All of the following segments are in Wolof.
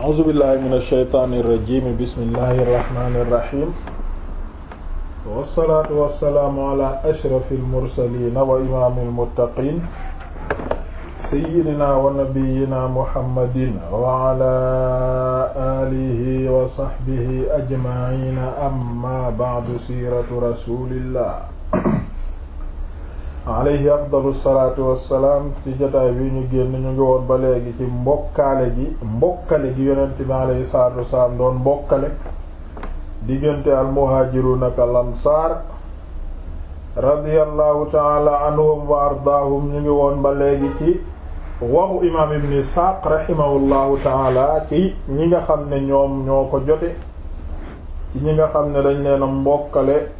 a'uuzu billahi min ashaytaani irrajimi bismillahi irrahmani irrahim wassalaatu wassalaamu ala ashrafi almursalina wa imaami almuttaqin seyidina wa nabiyina muhammadin wa ala alihi wa sahbihi ajmaina amma ba'du siiratu rasulillah alayhi afdalu salaatu wassalaam ci jotaay bi ñu génn ñu ngi woon ba léegi ci mbokkaale gi mbokkale gi yonent bi alayhi salaatu wassalaam doon mbokkale diggante almuhaajiruuna ak al-ansaar radiyallahu taala anhum wa ardaahum ñu ngi woon ba léegi ci waxu imaam ibn isxaaq rahimahullahu taala ci ñi nga xam ne ñoom ñoo ko jote ci ñi nga xam ne dañ leen a mbokkale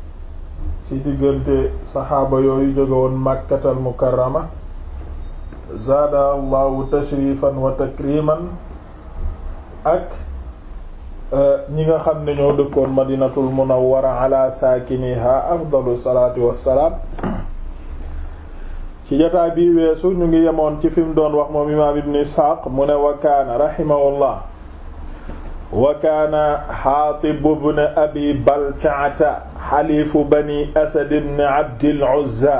ci diggante saxaaba yooyu jóge woon màkkatal mukarrama zaada allahu tashrifan wa takriman ak e, ñi nga xam ne ñoo dëkkoon madinatul munawwara ala saakiniha afdalu salaatu wassalaam ci jotaay bii weesu ñu ngi yamoon ci fi mu doon wax moom imaam ibn isxaaq mu ne wa kaana rahimahullah wa xaatib ibn abi baltaata xalifu bani asad ibn abdil uzza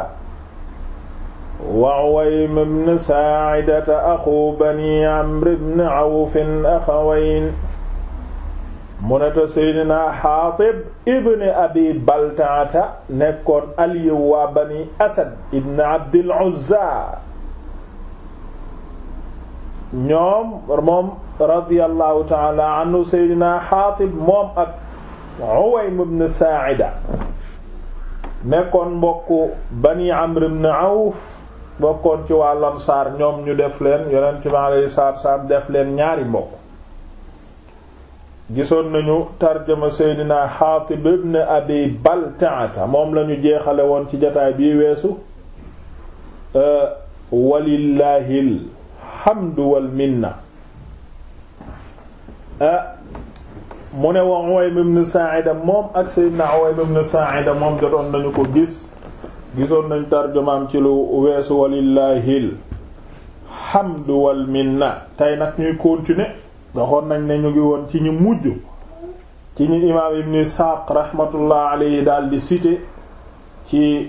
wa uwaym ibn saacidata axu bani amr ibn awfin axawayn mu ne te seydina xaatib ibn abi baltaata nekkoon aliyu waa bani asad ibn abdil uzza ñoom moom radiyallahu taala anhu seydina xaatib moom ak Uwaym ibn Saa'ida nekkoon mbokku Bani Amr ibn Awf bokkoon ci waa Ansaar ñoom ñu def leen yonent bi alayhi salaatu def leen ñaari mbokk gisoon nañu tarjama Seydina Xaatib ibn Abi Baltaata moom lañu jeexale woon ci jataay bii weesu euh, walillaahil hamdu wal minna euh, mu ne wa Uwaym ibn Sa'ida moom ak Seydina Uwaym ibn Sa'ida moom jotoon nañu ko gis gisoon nañu tarjumaam ci lu weesu walillaahil hamdu wal minna tey nag ñuy continuer doxoon nañ ne ñu ngi woon ci ñu mujj ci ñu imaam ibn Isaaq rahmatullah alayhi daal di cité ci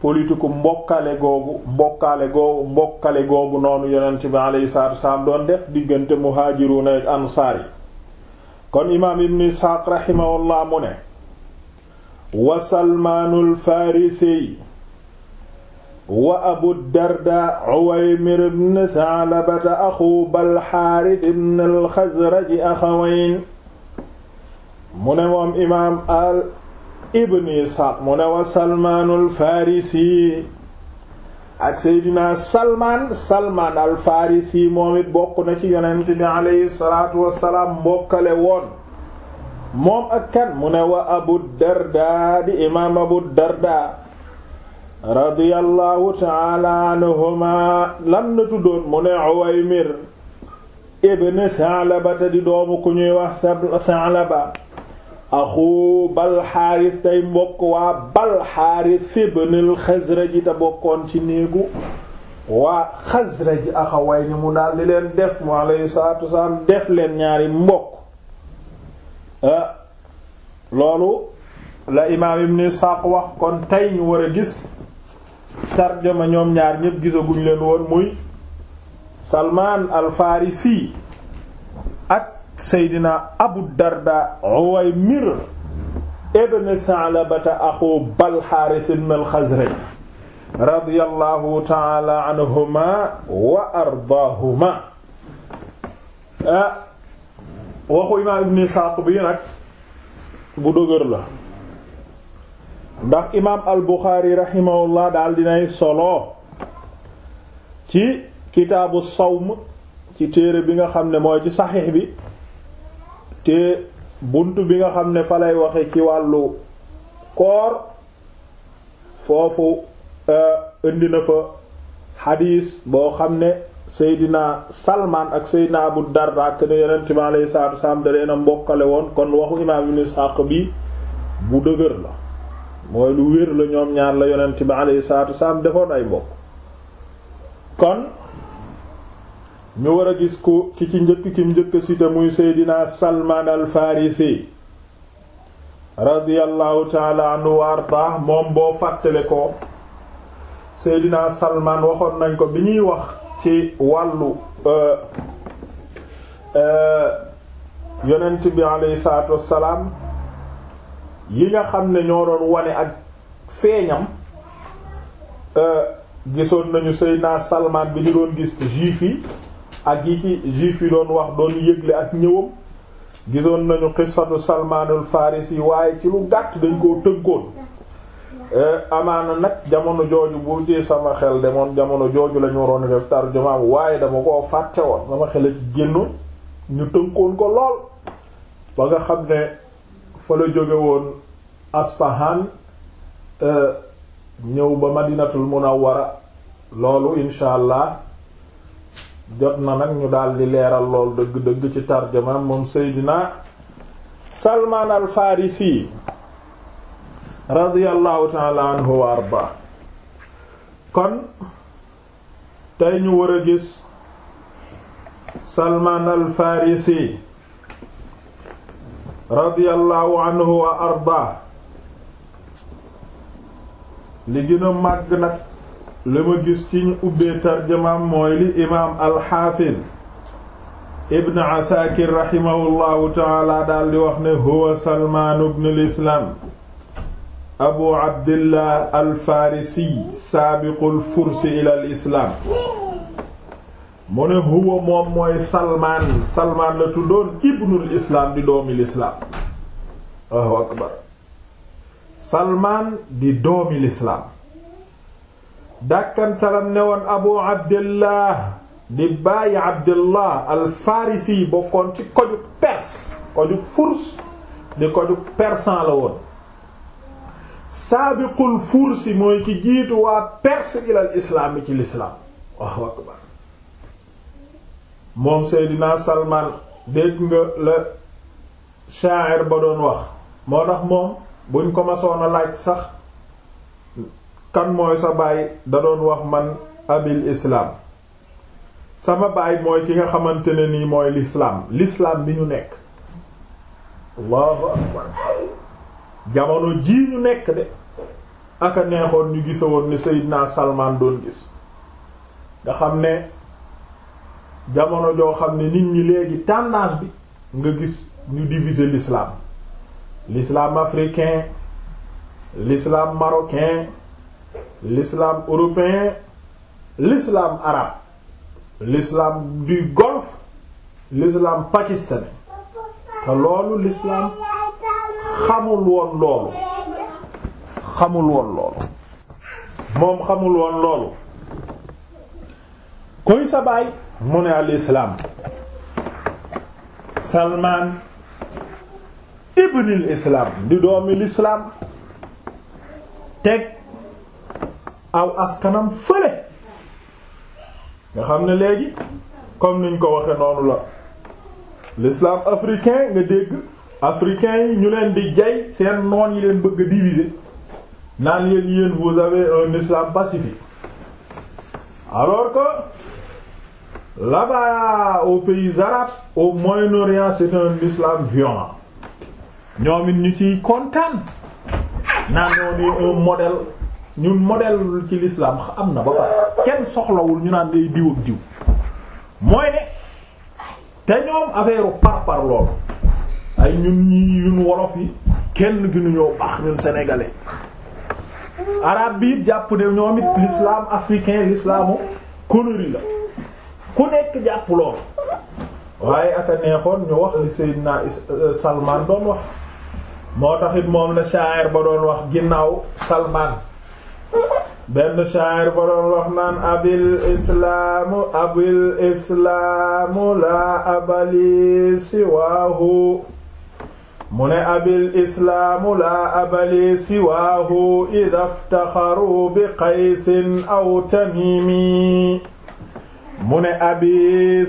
politiku mbokkale googu mbokkale googu mbokkale googu noonu yonent bi alayhi salaatu wa salaam doon def diggante muhaajiruuna ak ansaar yi kon imaam ibn isxaaq raximahullah mu ne wa salmaanul farisi wa abu darda uwaymir ibn saalabata axu balxaaris ibn alxasraji axawayn mu ne moom imaam al ibn isxaaq mu ne wa salmaanul farisi ak seydina salmaan salmaan al farisi moom it bokk na ci yonent bi aleyhi salaatu wassalaam mbokkale woon moom ak kan mu ne wa abu darda di imaam abu darda radiyallahu taala anhuma lan la mu ne uwaymir ibn saalabata di doomu ku ñuy wax saalaba axu balxaaris tey mbokk waa balxaaris ibnul xasraji te bokkoon ci néegu waa xasraji axaway ni mu daal di leen def mu alayhi salaatu wasalaam def leen ñaari mbokk ah, loolu la imaam ibn Isaaq wax kon tey ñu war a gis tarjama ñoom ñaar ñépp gisaguñ leen woon muy Salmaan al Farisi ak seydina abu darda uwaymir ibn thalabata axu balxaaris ibn alxazraj radiyallahu taala anhuma wa ardaahuma ah, waxu imaam ibn isxaaq bi nag bu dëgër la ndax imaam al buxaari raximahullah daal dinay solo ci kitaabu sawm ci téere bi nga xam ne mooy ci saxiix bi te bunt bi nga xam ne falay lay waxe ci wàllu koor foofu euh, indi na fa xadiis boo xam ne Seydina salmaan ak Seydina Abu Darda ne yonent bi alayhi salaatu wasalaam da leen a mbokkale woon kon waxu imaam Ibn Ishaq bi bu dëgër la mooy lu wér la ñoom ñaar la yonent bi saatu salaatu defoon ay mbokk kon ñu war a gis ko ki ci njëkk kim njëkk si te muy seydina salmaan al farisi radiyallahu taala anhu wa moom boo fàttale ko seydina salmaan waxoon nañ ko bi ñuy wax ci wàllu euh, euh, yonent bi alayhi salaatu wassalaam yi nga xam ne ñoo doon wane ak feeñam euh, gisoon nañu seydina salmaan bi ñu doon gis juif yi ak yi ci juif yi doon wax doon yëgle ak ñëwam gisoon nañu xisatu salmaanul farisi waaye ci lu gàtt dañ koo tënkoon eh, amaana nag jamono jooju bu ci sama xel demoon jamono jooju la ñu waroon def tarjumaam waaye dama koo fàtte woon sama xel a ci génnoon ñu tënkoon ko lool ba nga xam ne fa la jóge woon Aspahan eh, ñëw ba madinatul wara loolu incha allah jot na nag ñu daldi leeral lool dëgg-dëgg ci tarjama moom Seydina Salmaan al Farisi radiyallahu taala anhu wa arda kon tey ñu war a gis Salmaan al Farisi radiyallahu anhu wa arda li gën a màgg nag la ma gis ci ñu ubbee tarjamaam mooy li imaam alxaafiz ibn asaakir raximahullahu taala daldi wax ne huwa salmaanu bnul islaam abu abdillah alfarisi saabiqul fursi ilal islaam mu ne huwa moom mooy salmaan la tuddoon ibnul islaam di doomi lislaam dàkkantalam ne woon abu abdillah di bàyyi abdillah alfarisi bokkoon ci koju perse koju furs di koju persan la woon saabiqul fursi mooy ki jiitu waa perse ilal islaam ci lislaam moom seydinaa salman dégg nga la sha'ir ba doon wax moo tax moom buñ ko masoon a laaj sax kan mooy sa baay da doon wax man abil islaam sama baay mooy ki nga xamante ne nii mooy lislaam lislaam bi ñu nekk allahu akbar jamono jii ñu nekk de aka neexoon ñu gisawoon ni Seydina Salman doon gis nga xam ne jamono joo xam ne nit ñi léegi tendance bi nga gis ñu diviser l'islam l'islam africain l'islam marocain lislaam européen lislaam arabe l'islam du golfe l'islam pakistanais te loolu l'islam xamul woon loolu xamul woon loolu moom xamul woon loolu koy sa baay mu ne al salmaan ibnil islaam di doomi lislaam teg aw askanam fële nga xam ne léegi comme niñ ko waxee noonu la l'islam africain nga dégg africains yi ñu leen di jay seen noon yi leen bëgg a naan yéen yéen vous avez un islam pacifique alors que là-bas pays arabes au Moyen-Orient c'est un islam violent ñoom ñu ciy kontaan naan ñoo un modèle ñun modèle ci lislaam am na ba pare kenn soxlawul ñu naan day diw ak diw mooy ne te ñoom affaire par par lool ay ñun ñi ñun wolof yi kenn gi ñu ñoo baax ñun sénégalais arabe bi it jàpp ne ñoom it l'islam africain l'islamu connerie la ku nekk jàpp lool waaye aka neexoon ñu wax li Seydina euh, Salman doon wax moo taxit moom la shaa'ir ba doon wax ginnaaw Salman benn shaayir ba doon wax naan abil islaamu abil islaamu laa abali siwaahu mu ne abil islaamu laa abali siwaahu ida ftaxaru bi qaysin aw tamimi mu ne abi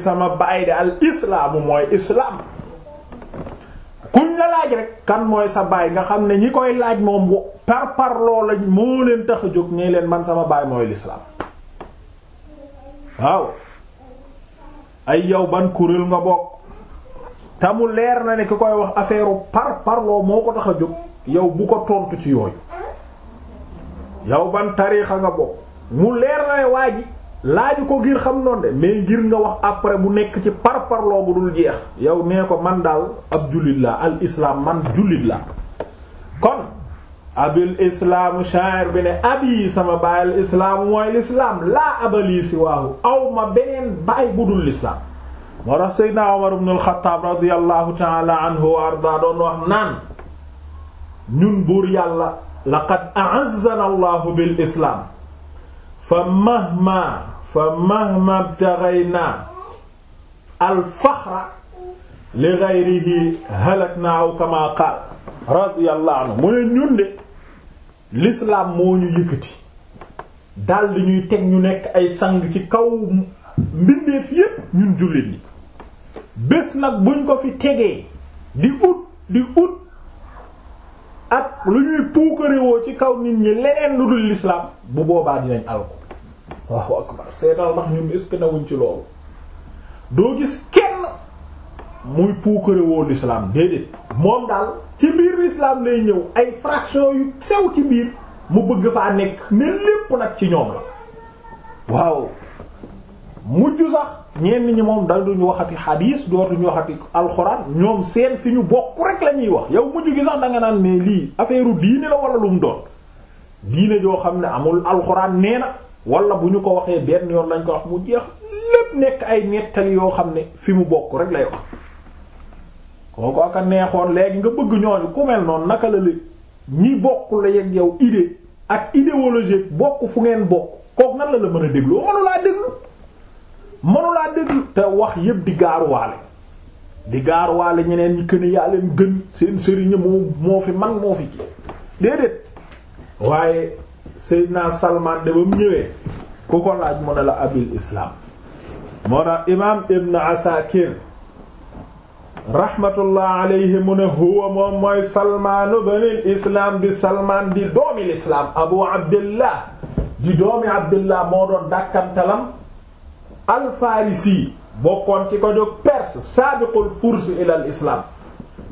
sama baay de al islaamu mooy islaam kuñ la laaj rek kan mooy sa baay nga xam ne ñi koy laaj moom par par loo lañ moo leen tax a jóg ñee leen man sama baay mooy lislaam waaw ay yow ban kuréel nga bokk tamu leer na ne ki koy wax affaire par parloo moo ko tax a jóg yow bu ko tontu ci yooyu yow ban tariixa nga bokk mu leer na ne waa ji laaju ko ngir xam noonu de ngir nga wax après bu nekk ci par parloo bu dul jeex yow nee ko man daal ab jullit la al islam man jullit la kon abil islaamu sha'ir bi ne abi sama baay al islaam mooy lislaam laa abali si waahu aw beneen baay bu dul lislaam moo tax seydna Umar ibn al radiyallahu ta'ala anhu wa arda doon wax naan ñun buur yàlla laqad a'azzana allahu bil islaam fa mahma fa mahma btaxaynaa alfaxra li gayrihi halaknaa aw kamaa qaal radiyallahu anhu mu ne ñun de l'islam moo ñu yëkkati dal ñuy teg ñu nekk ay sang ci kaw mbindeef yépp ñun jullit ñi bés nag buñ ko fi tegee di ut di ut ak lu ñuy puukarewoo ci kaw nit ñi leneen lu dul l'islam bu boobaa dinañ alko Allahu akbar seetal ndax ñun est ci loolu doo gis kenn muy puukare woo lislaam déedéet moom daal ci biir l'islam lay ñëw ay fraction yu sew ci biir mu bëgg faa nekk ne lépp nag ci ñoom la waaw mujj sax ñenn ñi moom da duñu waxati xadiis dootuñu waxati alxuraan ñoom seen fi ñu bokk rek la ñuy wax yow mujj gi sax da nga naan mais lii affaire diine la wala lu mu doon diine joo xam ne amul alxuraan nee na wala bu ñu ko waxee benn yoon lañ ko wax mu jeex lépp nekk ay nettali yoo xam ne fi mu bokk rek lay wax kooku ak neexoon léegi nga bëgg ñooñu ku mel noonu naka la léegi ñi bokk la yegg yow idée ak idéologie bokk fu ngeen bokk kooku nan la la mën a déglu mënulaa déglu mënulaa déglu te wax yépp di gaaruwaale di gaaruwaale ñeneen ñi këne yaa leen gën seen sëriñ moo moo fi man moo fi déedéet waaye Seydina Salman de ba mu ñëwee ku ko laaj mu ne la abil islaam moo tax imaam Ibn Asakir rahmatullah alayhi mu ne huwa moom mooy salmaanu banil islaam di salmaan di doomi lislaam abu abdillah di doomi abdillah moo doon dàkkantalam alfarisi bokkoon ci ko jóg perse saabiqul furs ilal islaam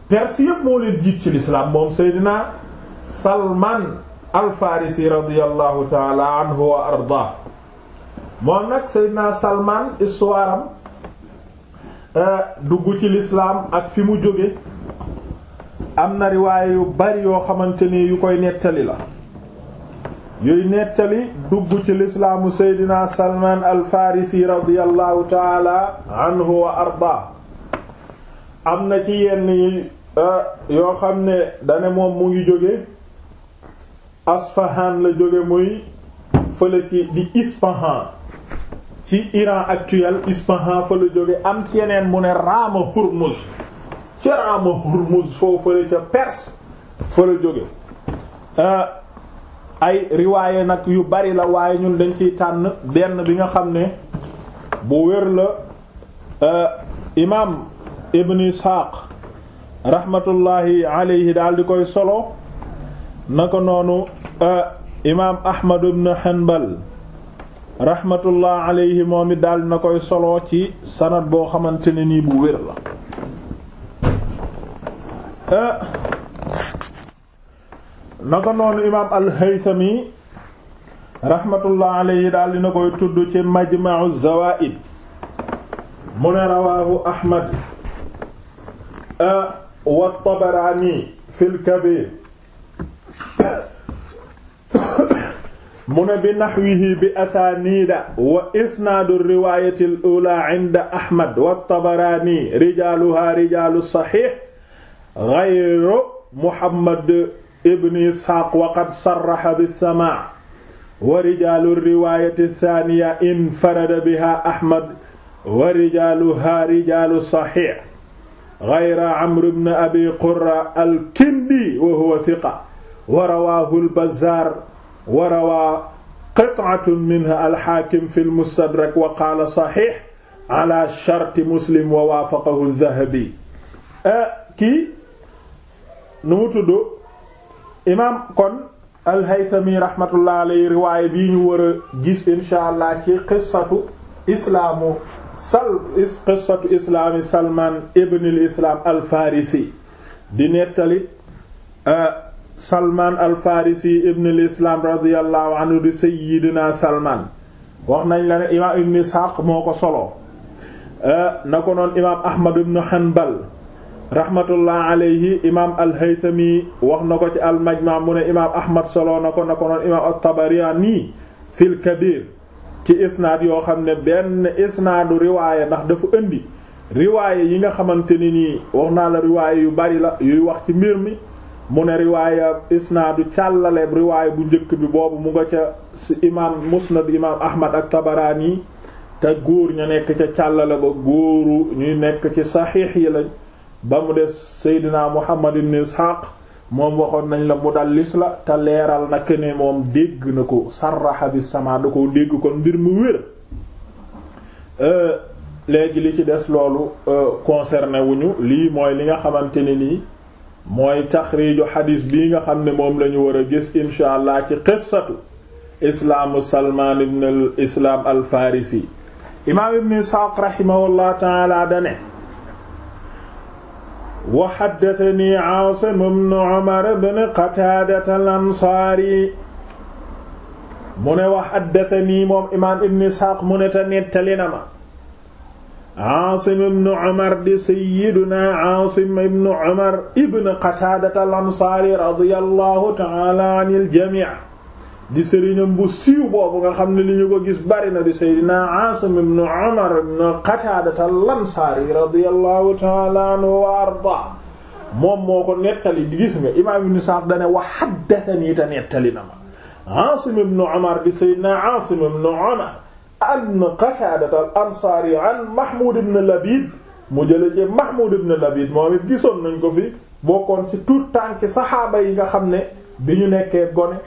perse yépp moo leen jiit ci lislaam moom seydina salmaan alfarisi radiallahu taala anhu wa arda moom nag seydina salman histoire eh, dugg ci lislaam ak fi mu jóge am na riwaay yu bari yoo xamante ni yu koy nettali la yuy nettali dugg ci lislaamu seydina salman alfarisi radiallahu taala anhu wa arda am na ci yenn yi eh, yoo xam ne dane moom mu ngi jóge Asfahan la jóge muy fële ci di Ispahan ci Iran actuel Ispahan fa la jóge am ci yeneen mu ne Rama Hurmuz ci Rama Hurmuz foo fële ca Perse fa la jóge euh, ay riwaaye nag yu bari la waaye ñun dañ ciy tànn benn bi nga xam ne bu wér la euh, imaam Ibn Ishaq rahmatullahi alayhi daal di koy solo naka noonu imaam ahmadu na koy solo ci sanad boo xamante ne nii bu wér la naka noonu imaam al-haythami rahmatullah alayhi daal dina koy tudd ci majma'u zawaid mu ne rawaahu ahmad wa tabaraani fil kabir mu ne bi naxwihi bi asaaniida wa isnaadu riwaayati al-uulaa inda Ahmad wa Tabaraani rijaaluhaa rijaalu saxiix gayru Muhammad ibn Isxaaq waqad sarraxa bis-samaa' wa rijaalu riwaayati saaniya infarada bihaa Ahmad wa rijaaluhaa rijaalu saxiix gayru Amr ibn Abi Qurra al-Kindi wa huwa siqa wa rawaahu al-Bazzaar wa rawaa qit'atun minha al-Haakim fi al-Mustadrak wa qaala saxiix ala sharti Muslim wa waafaqahu az-Zahabi eh, kii nu mu tudd imaam kon al-Haythami rahmatullah alayhi riwaaya bii ñu war a gis inshaa Allah ci qissatu islaamu sal qissatu islaami Salmaan ibn al-Islaam al-Faarisi di nettali eh, salmaan alfarisi ibn lislaam radiallahu di sayidina salmaan wax nañ la ne imaam ibn isxaaq moo ko solo eh, na ko noon imaam ahmad ibn hanbal rahmatullah alayhi imaam al wax na ko ci al mu ne imaam Ahmad solo na ko na ko noon imaam at-Tabarani fil Kabir ci isnaad yoo xam ne benn isnaadu riwaayé ndax dafa indi riwaayé yi nga xamante ne nii wax naa la riwaayé yu bari la yuy wax ci mbir mi mu ne riwaaya isnaadu càllaleeb riwaaya bu njëkk bi boobu mu nga ca si imaam musnad imaam ahmad ak tabaraani te góor ña nekk ca càllale ba góoru ñuy nekk ci saxiix yi lañ ba mu des seydinaa muhammad ibn ishaq moom waxoon nañ la mu lis la te leeral na ne moom dégg na ko sarraxa bi sama da ko dégg kon mbir mu wér euh, léegi li ci des loolu euh, concerné wuñu lii mooy li nga xamante ne nii mooy taxriiju xadiis bii nga xam ne moom lañu war a gis incha allah ci qissatu islaamu salmaan ibn al islaam al farisi imaam ibn isxaaq raximahullah taala dane wa xaddatani ibn umar ibn qataadata al mu ne wa moom imaam ibn isxaaq mu ne ta nettali Aasim ibn Umar di sayyiduna Aasim ibn Umar ibn Qataadata al-Ansaari radiyallahu ta'ala anil jamii' di sëriñam bu siiw boobu nga xam ne li ñu ko gis bari na di sayyidina Aasim ibn Umar ibn Qataadata al-Ansaari radiyallahu ta'ala anhu wa ardaa moom moo ko nettali di gis nga imaam ibn Sa'd dane wa haddathanii te nettali na ma Aasim ibn Umar di sayyidina Aasim ibn Umar an Qataadata al-Ansaari an Mahmoud ibn Labid mu jële ci Mahmoud ibn Labid moom it gisoon nañ ko fi bokkoon ci tout tànki saxaaba yi nga xam ne bi ñu nekkee gone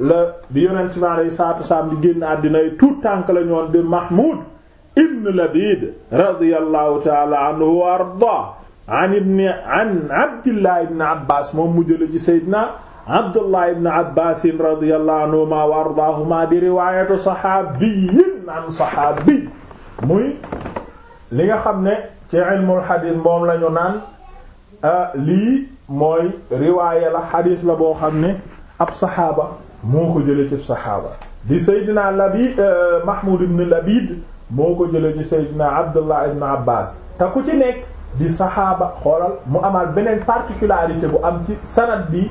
la bi yonent bi alayhi salaatu wassalaam di génn àddina yi tout tànk la ñoon di Mahmoud ibn Labid radiyallahu ta'ala anhu wa arda an ibn an Abdillah ibn Abbas moom mu jële ci Seydina abdullah ibn abbasin radiyallahu anhuma wa ardaahuma di riwaayatu saxaabiyin an saxaabi muy li nga xam ne ci ilmul xadiis moom lañu naan lii mooy riwaaya la xadiis la boo xam ne ab saxaaba moo ko jële ci saxaaba di seydina labi mahmud ibn labid moo ko jële ci seydina abdullah ibn abbas te ku ci nekk di saxaaba xoolal mu amaal beneen particularité bu am ci sanad bi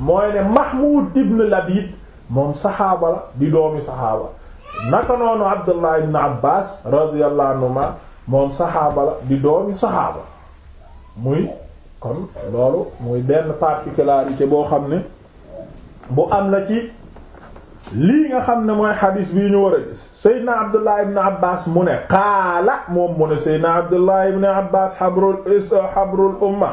mooy ne Mahmoud ibn Labid moom saxaaba la di doomi saxaaba naka noonu Abdullah ibn Abbas radiyallahu anhuma moom saxaaba la di doomi saxaaba muy kon loolu muy benn particularité boo xam ne bu am la ci lii nga xam ne mooy xadiis bii ñu war a gis Seydina Abdullah ibn Abbas mu ne qaala moom mu ne Seydina Abdullah ibn Abbas xabrul xabrul umma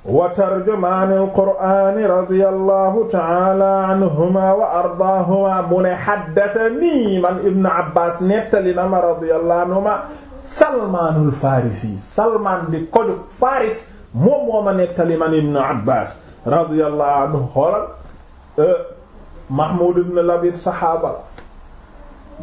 wa tarjumaan alqur'ani radiyallahu ta'ala anhuma wa ardaahuma mu ne haddathanii man Ibn Abbas nettali na ma radiyallahu anhuma Salmaanul Farisi Salmaan di kojug Faris moom moo ma nettali man Ibn Abbas radiyallahu anhu xoolal euh, Mahmoud ibn Labid saxaaba la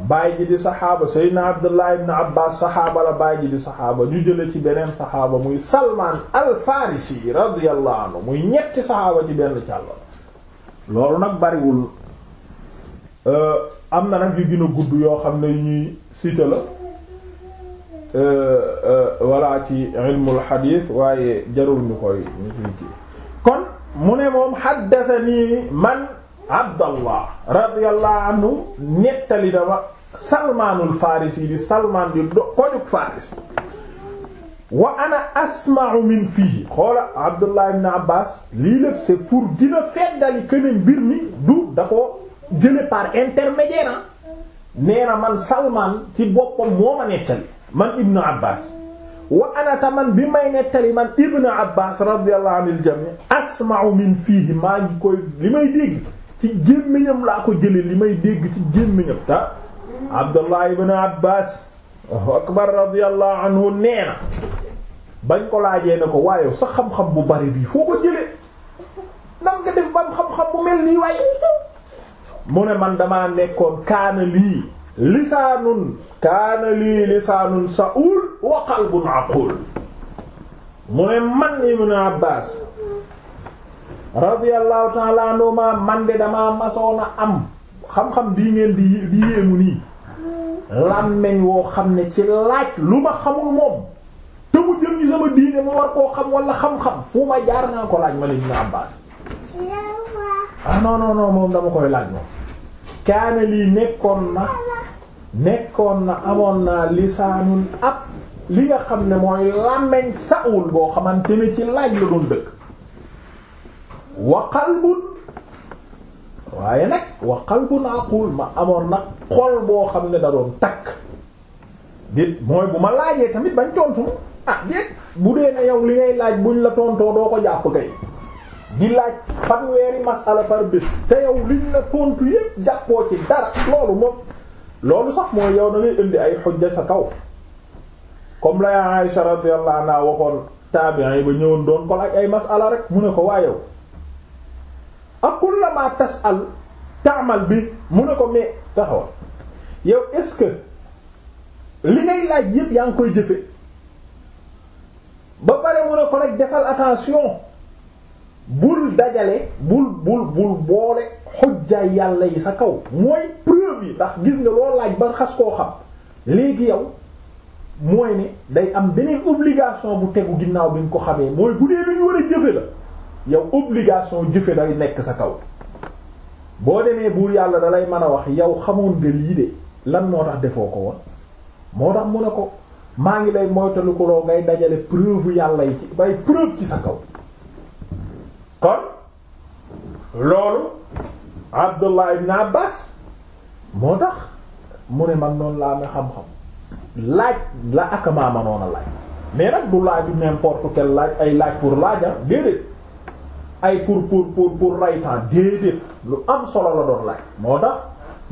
baay ji di saxaaba seydna abdullah ibn abbas saxaaba la baay ji di saxaaba ñu jële ci beneen saxaaba muy salmaan al farisi radiyallahu anhu muy ñetti saxaaba ci benn càll loolu nag bariwul euh, am na nag yu gën a gudd yoo xam ne ñuy cité la walla euh, euh, ci waaye jarul ñu koy ñu koy kii kon mu ne moom xaddatani man abdallah radiyallahu anhu nettali dama salmaanul farisi di salmaan di do kojuk faris wa ana asma'u min fii xoola abdullah ibn abbas lii lépp c'est pour dina feddali keneen mbir mi du da ko jële par intermédiaire a ah. nee na man salmaan ci boppam moo ma nettali man ibnu abbas wa ana taman bi may nettali man ibnu abbas radiyallahu anil jami' asma'u min fiihi maa ngi koy li may dégg ci gémmiñam laa ko jële li may dégg ci gémmiñam ta Abdullah ibn Abbas akbar radiyallahu anhu nee na bañ ko laajee ne ko waaye sa xam-xam bu bari bii foo ko jële nan def bam xam-xam bu mel nii waaye mu ne man damaa nekkoon kaana lii lisaanun kaana lii lisaanun sa'ul wa qalbun aqul mu ne man ibn Abbas radiyallahu ta'ala anhuma man de damaa masoon a am xam-xam bii ngeen di di yéemu nii làmmeñ woo xam ne ci laaj lu ma xamul moom te mu jëm ni sama diine ma war koo xam wala xam-xam fu ma jaar naa ko laaj ma leen dina Abbaas ah non non moom dama koy laaj moom kaana lii nekkoon na nekkoon na amoon naa lisaanun ab li nga xam ne mooy làmmeñ sa'ul boo xamante ne ci laaj la doon dëkk wa qalbun waaye nag wa qalbun aqul ma amoon nag xol boo xam ne da doon takk dit mooy bu ma laajee tamit bañ tontu ah déet bu dee ne yow li ngay laaj buñ la tontoo doo ko jàpp kay di laaj fanweeri masala par bés te yow liñ la tontu yépp jàppoo ci dara loolu moom loolu sax mooy yow da ngay indi ay xujja sa kaw comme la Aisha radiyallahu anha waxoon taabi'i ba ñëwoon doon ko laaj ay masala rek mu ne ko waayow ma tasal taamal bi mu ne ko mais taxawal yow est-ce que li ngay laaj yépp yaa ngi koy jëfe ba pare mu a ko rek defal attention bul dajale bul bul bul boole xujjaay yàlla yi sa kaw mooy preuve yi ndax gis nga loo laaj ba xas koo xam léegi yow mooy ne day am beneen obligation bu tegu ginnaaw bi nga ko xamee mooy bu dee lu ñu war a jëfe la yow obligation jëfe day nekk sa kaw boo demee buur yàlla da lay mën a wax yow xamoon nga lii de lan moo tax defoo ko woon moo tax mu ne ko maa ngi lay moytalikuloo ngay dajale preuve yàlla yi ci bay preuve ci sa kaw kon loolu Abdullah ibn Abbas moo tax mu ne man noonu laa amee xam-xam laaj la ak maa a laaj mais nag du laaju n'importe quel laaj ay laaj pour laaja ah, déedéet ay pour pour pour pour raytan déedéet lu am solo la doon laaj moo tax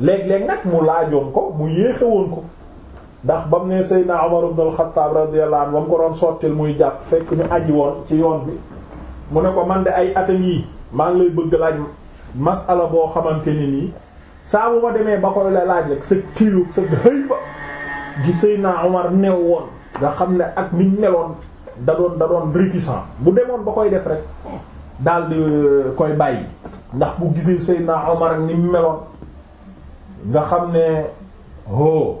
léeg-léeg nag mu laajoon ko mu yéexe woon ko ndax ba mu ne Seydina Umar ibn al-Khattab radiyallahu anhu ba mu ko doon sottil muy jàpp fekk ñu aji woon ci yoon bi mu ne ko man de ay atam yi maa ngi lay bëgg laaj masala boo xamante ni nii saa bu ma demee ba ko la laaj rek sa kiiwub sëg hëy ba gi Seydina Umar new woon nga xam ne ak ni mu meloon da doon da doon réticent bu demoon ba koy def rek daal euh, koy bàyyi ndax bu gisee Seydina Omar ak ni meloon nga xam ne ho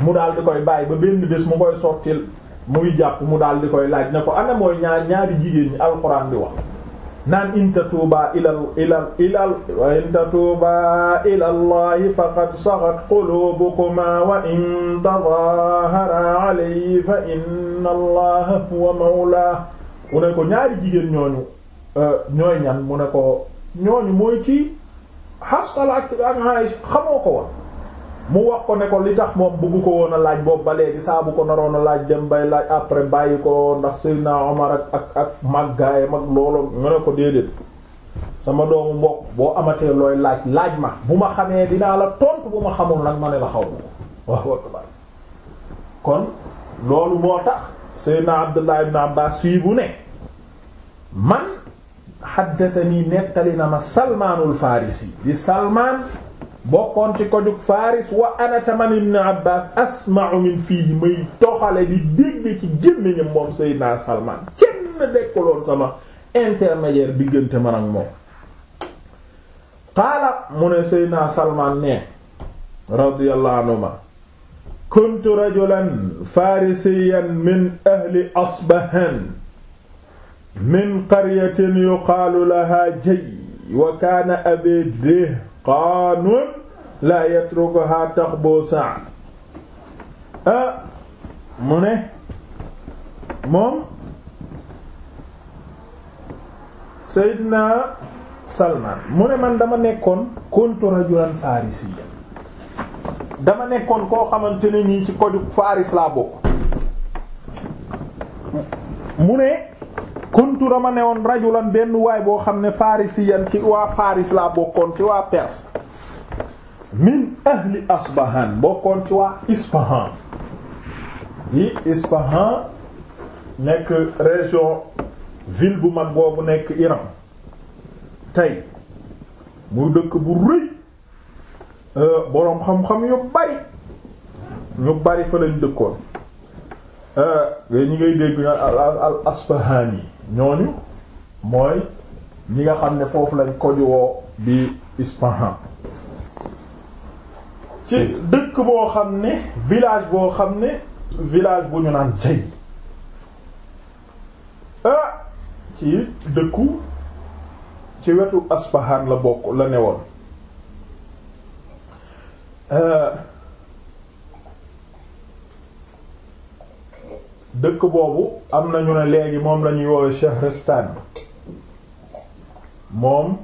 mu daal di koy bàyyi ba benn bés mu koy sottil muy jàpp mu daal di koy laaj ne ko ana mooy ñaar ñaari jigéen ñi alxuraan di wax naan intatuuba ilal ilal ilal wa intatuuba ilallahi faqad saxat quluubukuma wa in tadahara alayhi fa inna allaha huwa mawlaa mu ne ko ñaari jigéen ñooñu Euh, ñooy ñan mu ne ko ñooñu mooy ci Hafsa ak Aisha xamoo ko woon mu wax ko ne ko li tax moom bëggu ko woon a laaj boobu balee di saabu ko naroon a laaj dem bay laaj après bàyyi ko ndax Seydina Omar ak ak ak màggaayam ak loolu mu ne ko déedéet sama doomu mbokk boo amatee looy laaj laaj ma bu ma xamee dinaa la tontu bu ma xamul nag ma ne la xaw ma waaw waaw kon loolu moo tax Seydina Abdullah ibn Abbas fii bu ne man. xaddatani nettali na ma salmaanul farisi di salmaan bokkoon ci kojug faris wa anataman ibn abbas asma'u min fii may toxale di dégg ci gémmiñam moom sayyidina salmaan kenn dekkuloon sama intermédiaire diggante man ak moom qaala mu ne sayyidina salmaan ne radiyallahu anhuma kuntu rajulan farisiyan min ahli asbahan min qaryatin yuqaalu lahaa jay wa kaana abi dihqaanun laa yatrukuhaa taxbu saa ah mu ne moom Seydina Salman mu ne man dama nekkoon kuntu rajulan farisiyan dama nekkoon koo xamante ne nii ci koju Faris laa bokk mu ne kuntu dama newoon woon rajulan benn waay boo xam ne farisiyan ci waa faris laa bokkoon ci waa perse min ahli asbahan bokkoon ci waa ispahan yi ispahan nekk région ville bu mag boobu nekk Iran tey muy dëkk bu rëy euh, boroom xam-xam yu bari ñu bari fa lañ dëkkoon euh, ñi ngay dégg al al asbahani ñooñu mooy ñi nga xam ne foofu lañ kojuwoo bi Ispahan ci dëkk boo xam ne village boo xam ne village bu ñu naan jay ah ci dëkku ci wetu Aspahan la bokk la woon ah, dëkk boobu am nañu ne léegi moom lañuy woowe Shahristan moom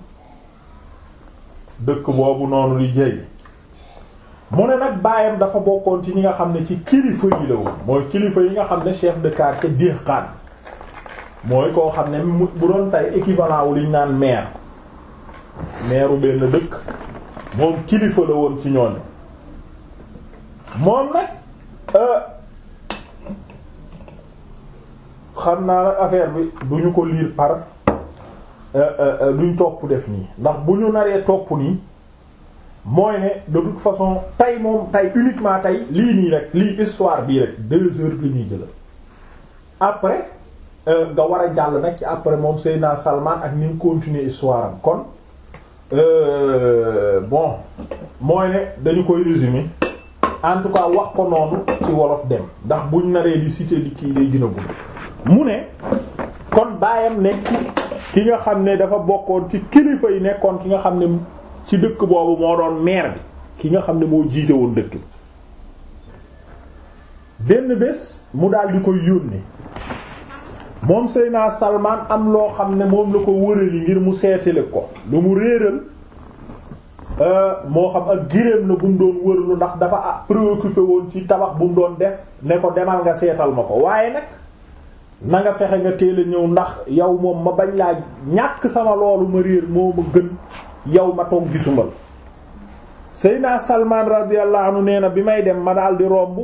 dëkk boobu noonu li jëy mu ne nag baayam dafa bokkoon ci ñi nga xam ne ci kilifa yi la woon mooy kilifa yi nga xam ne chef de quartier Dihqan mooy koo xam ne mu bu doon tey équivalent wu liñ naan maire maireu benn dëkk moom kilifa la woon ci ñoon moom nag euh, xam naa nag affaire bi du ñu ko liir par euh, euh, euh, duñ topp def nii ndax bu ñu naree topp nii mooy ne de toute façon tey moom tey uniquement tey lii nii rek lii histoire bii rek deux heures li ñuy jëlal après nga war a jàll nag ci après moom Seydina Salman ak ni mu continuer histoire kon bon mooy ne dañu koy résumer en tout cas wax ko noonu ci wolof dem ndax ñu naree di citer di kii day gën a mu ne kon baayam nekk ki nga xam ne dafa bokkoon ci kilifa yi nekkoon ki nga xam ne ci dëkk boobu moo doon maire bi ki nga xam ne moo jiite woon dëkk bi benn bés mu daal di koy yónni moom Seydina Salman am loo xam ne moom la ko wërali ngir mu seetale ko lu mu réeral euh, moo xam ak giréem na bu mu doon wërlu ndax dafa préoccupé woon ci tabax bu mu doon def ne ko demal nga seetal ma ko waaye nag na fexe nga teel a ñëw ndax yow moom ma bañ laa ñàkk sama loolu ma réer moo ma gën yow ma toog gisuma la Seydina Salman radiyallahu anhu nee na bi may dem ma daal di romb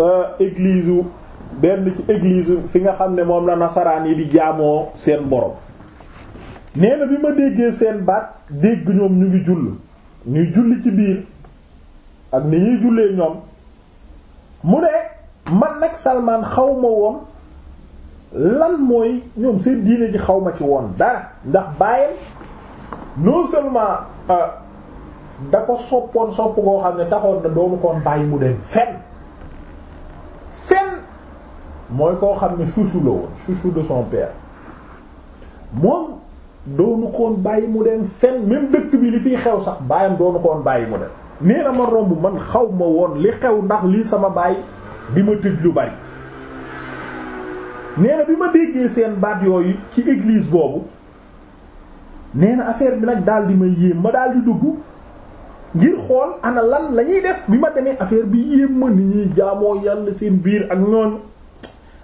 euh, église benn ci église fi nga xam ne moom la nasaraan yi di jaamoo seen borom nee bi ma déggee seen baat dégg ñoom ñu ngi jull ñuy julli ci biir ak ni ñuy jullee ñoom mu ne man nag salmaan xaw ma woon lan mooy ñoom seen diine ji xaw ma ci woon dara ndax bàyyam non seulement euh, da ko soppoon sopp koo xam ne taxoon na doonu koon bàyyi mu dem fenn fenn mooy koo xam ne chouchou la woon chouchou de son moom bàyyi mu dem fenn même dëkk bi li fiy xew sax bàyyam doonu koon bàyyi mu dem nee ma romb man xaw ma woon li xew ndax lii sama bàyyi di ma tëj lu bari nee bi ma déggee seen baat yooyu ci église boobu nee na affaire bi nag daal di ma yéem ma daal di dugg ngir xool ana lan def bi ma demee affaire bi yéem ma ni ñuy jaamoo yàlla seen biir ak ñooñu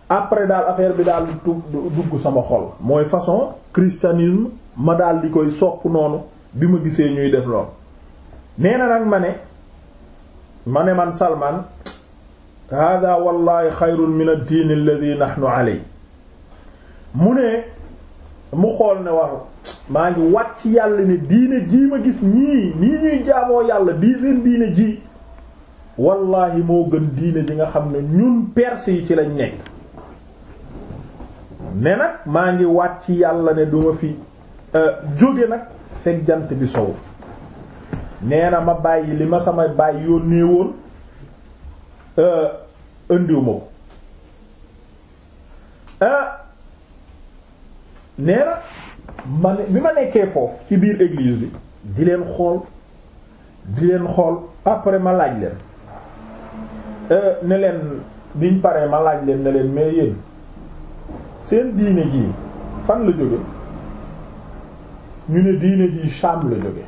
après daal affaire bi daal dugg sama xol mooy façon christianisme ma daal di koy sopp noonu bi ma gisee ñuy def lool nee na nag ma ne ma ne man Salman hada wallahi xayrun min ad-diin alladhi mu ne mu xool ne wax maa ngi wàcc yàlla ne diine ji ma gis ñii nii ñuy jaamoo yàlla bii seen diine ji wallahi moo gën diine ji nga xam ne ñun perse yi ci lañ nekk ne nag maa ngi wàcc yàlla ne duma fi euh, jóge nag fekk jant bi sow nee na ma bàyyi li ma sama bàyyi yónnee woon Euh, indiwuma ko euh, nee ma bi ma nekkee foofu ci biir église bi di leen xool di leen xool après ma laaj leen euh, ne leen biñ paree ma laaj leen ne leen mais yéen seen diine gi fan la jóge ñu ne diine jii Sham la jóge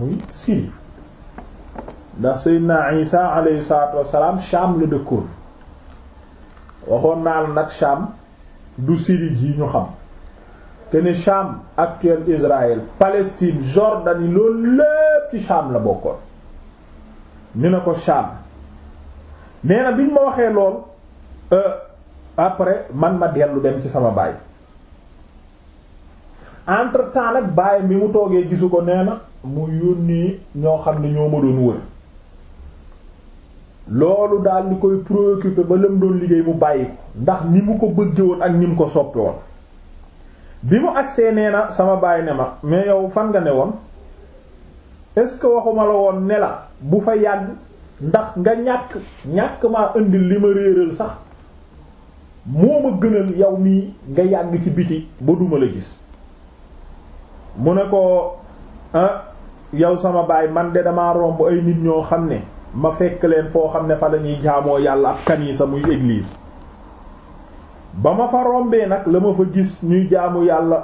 muy Syrie ndax seydna isa alayhi salaatu wassalaam Sham la dëkkoon waxoon naa la nag Sham du Syrie yi ñu xam te ne Sham actuel Israël Palestine Jordanie loolu lépp ci Sham la bokkoon ñu ne ko Sham nee na biñ ma waxee lool euh, après man ma dellu dem ci sama baay entre temps nag baay bi mu toogee gisu ko nee na mu yónni ñoo xam ne ñoo ma doon wër loolu daal di koy préoccupé ba lëm doon liggéey mu bàyyi ko ndax ni mu ko bëgge woon ak ni mu ko soppi woon bi mu agsee nee na sama baay ne ma mais yow fan nga ne woon est-ce que waxuma la woon ne la bu fa yàgg ndax nga ñàkk ñàkk maa indi li ma réeral sax moo ma gënal yow mii nga yàgg ci biti ba duma la gis mu ne ko ah yow sama baay man de dama romb ay nit ñoo xam ne ma fekk leen foo xam ne fa lañuy jaamoo yàlla ab kanisa muy église ba ma fa rombee nag la ma fa gis ñuy jaamu yàlla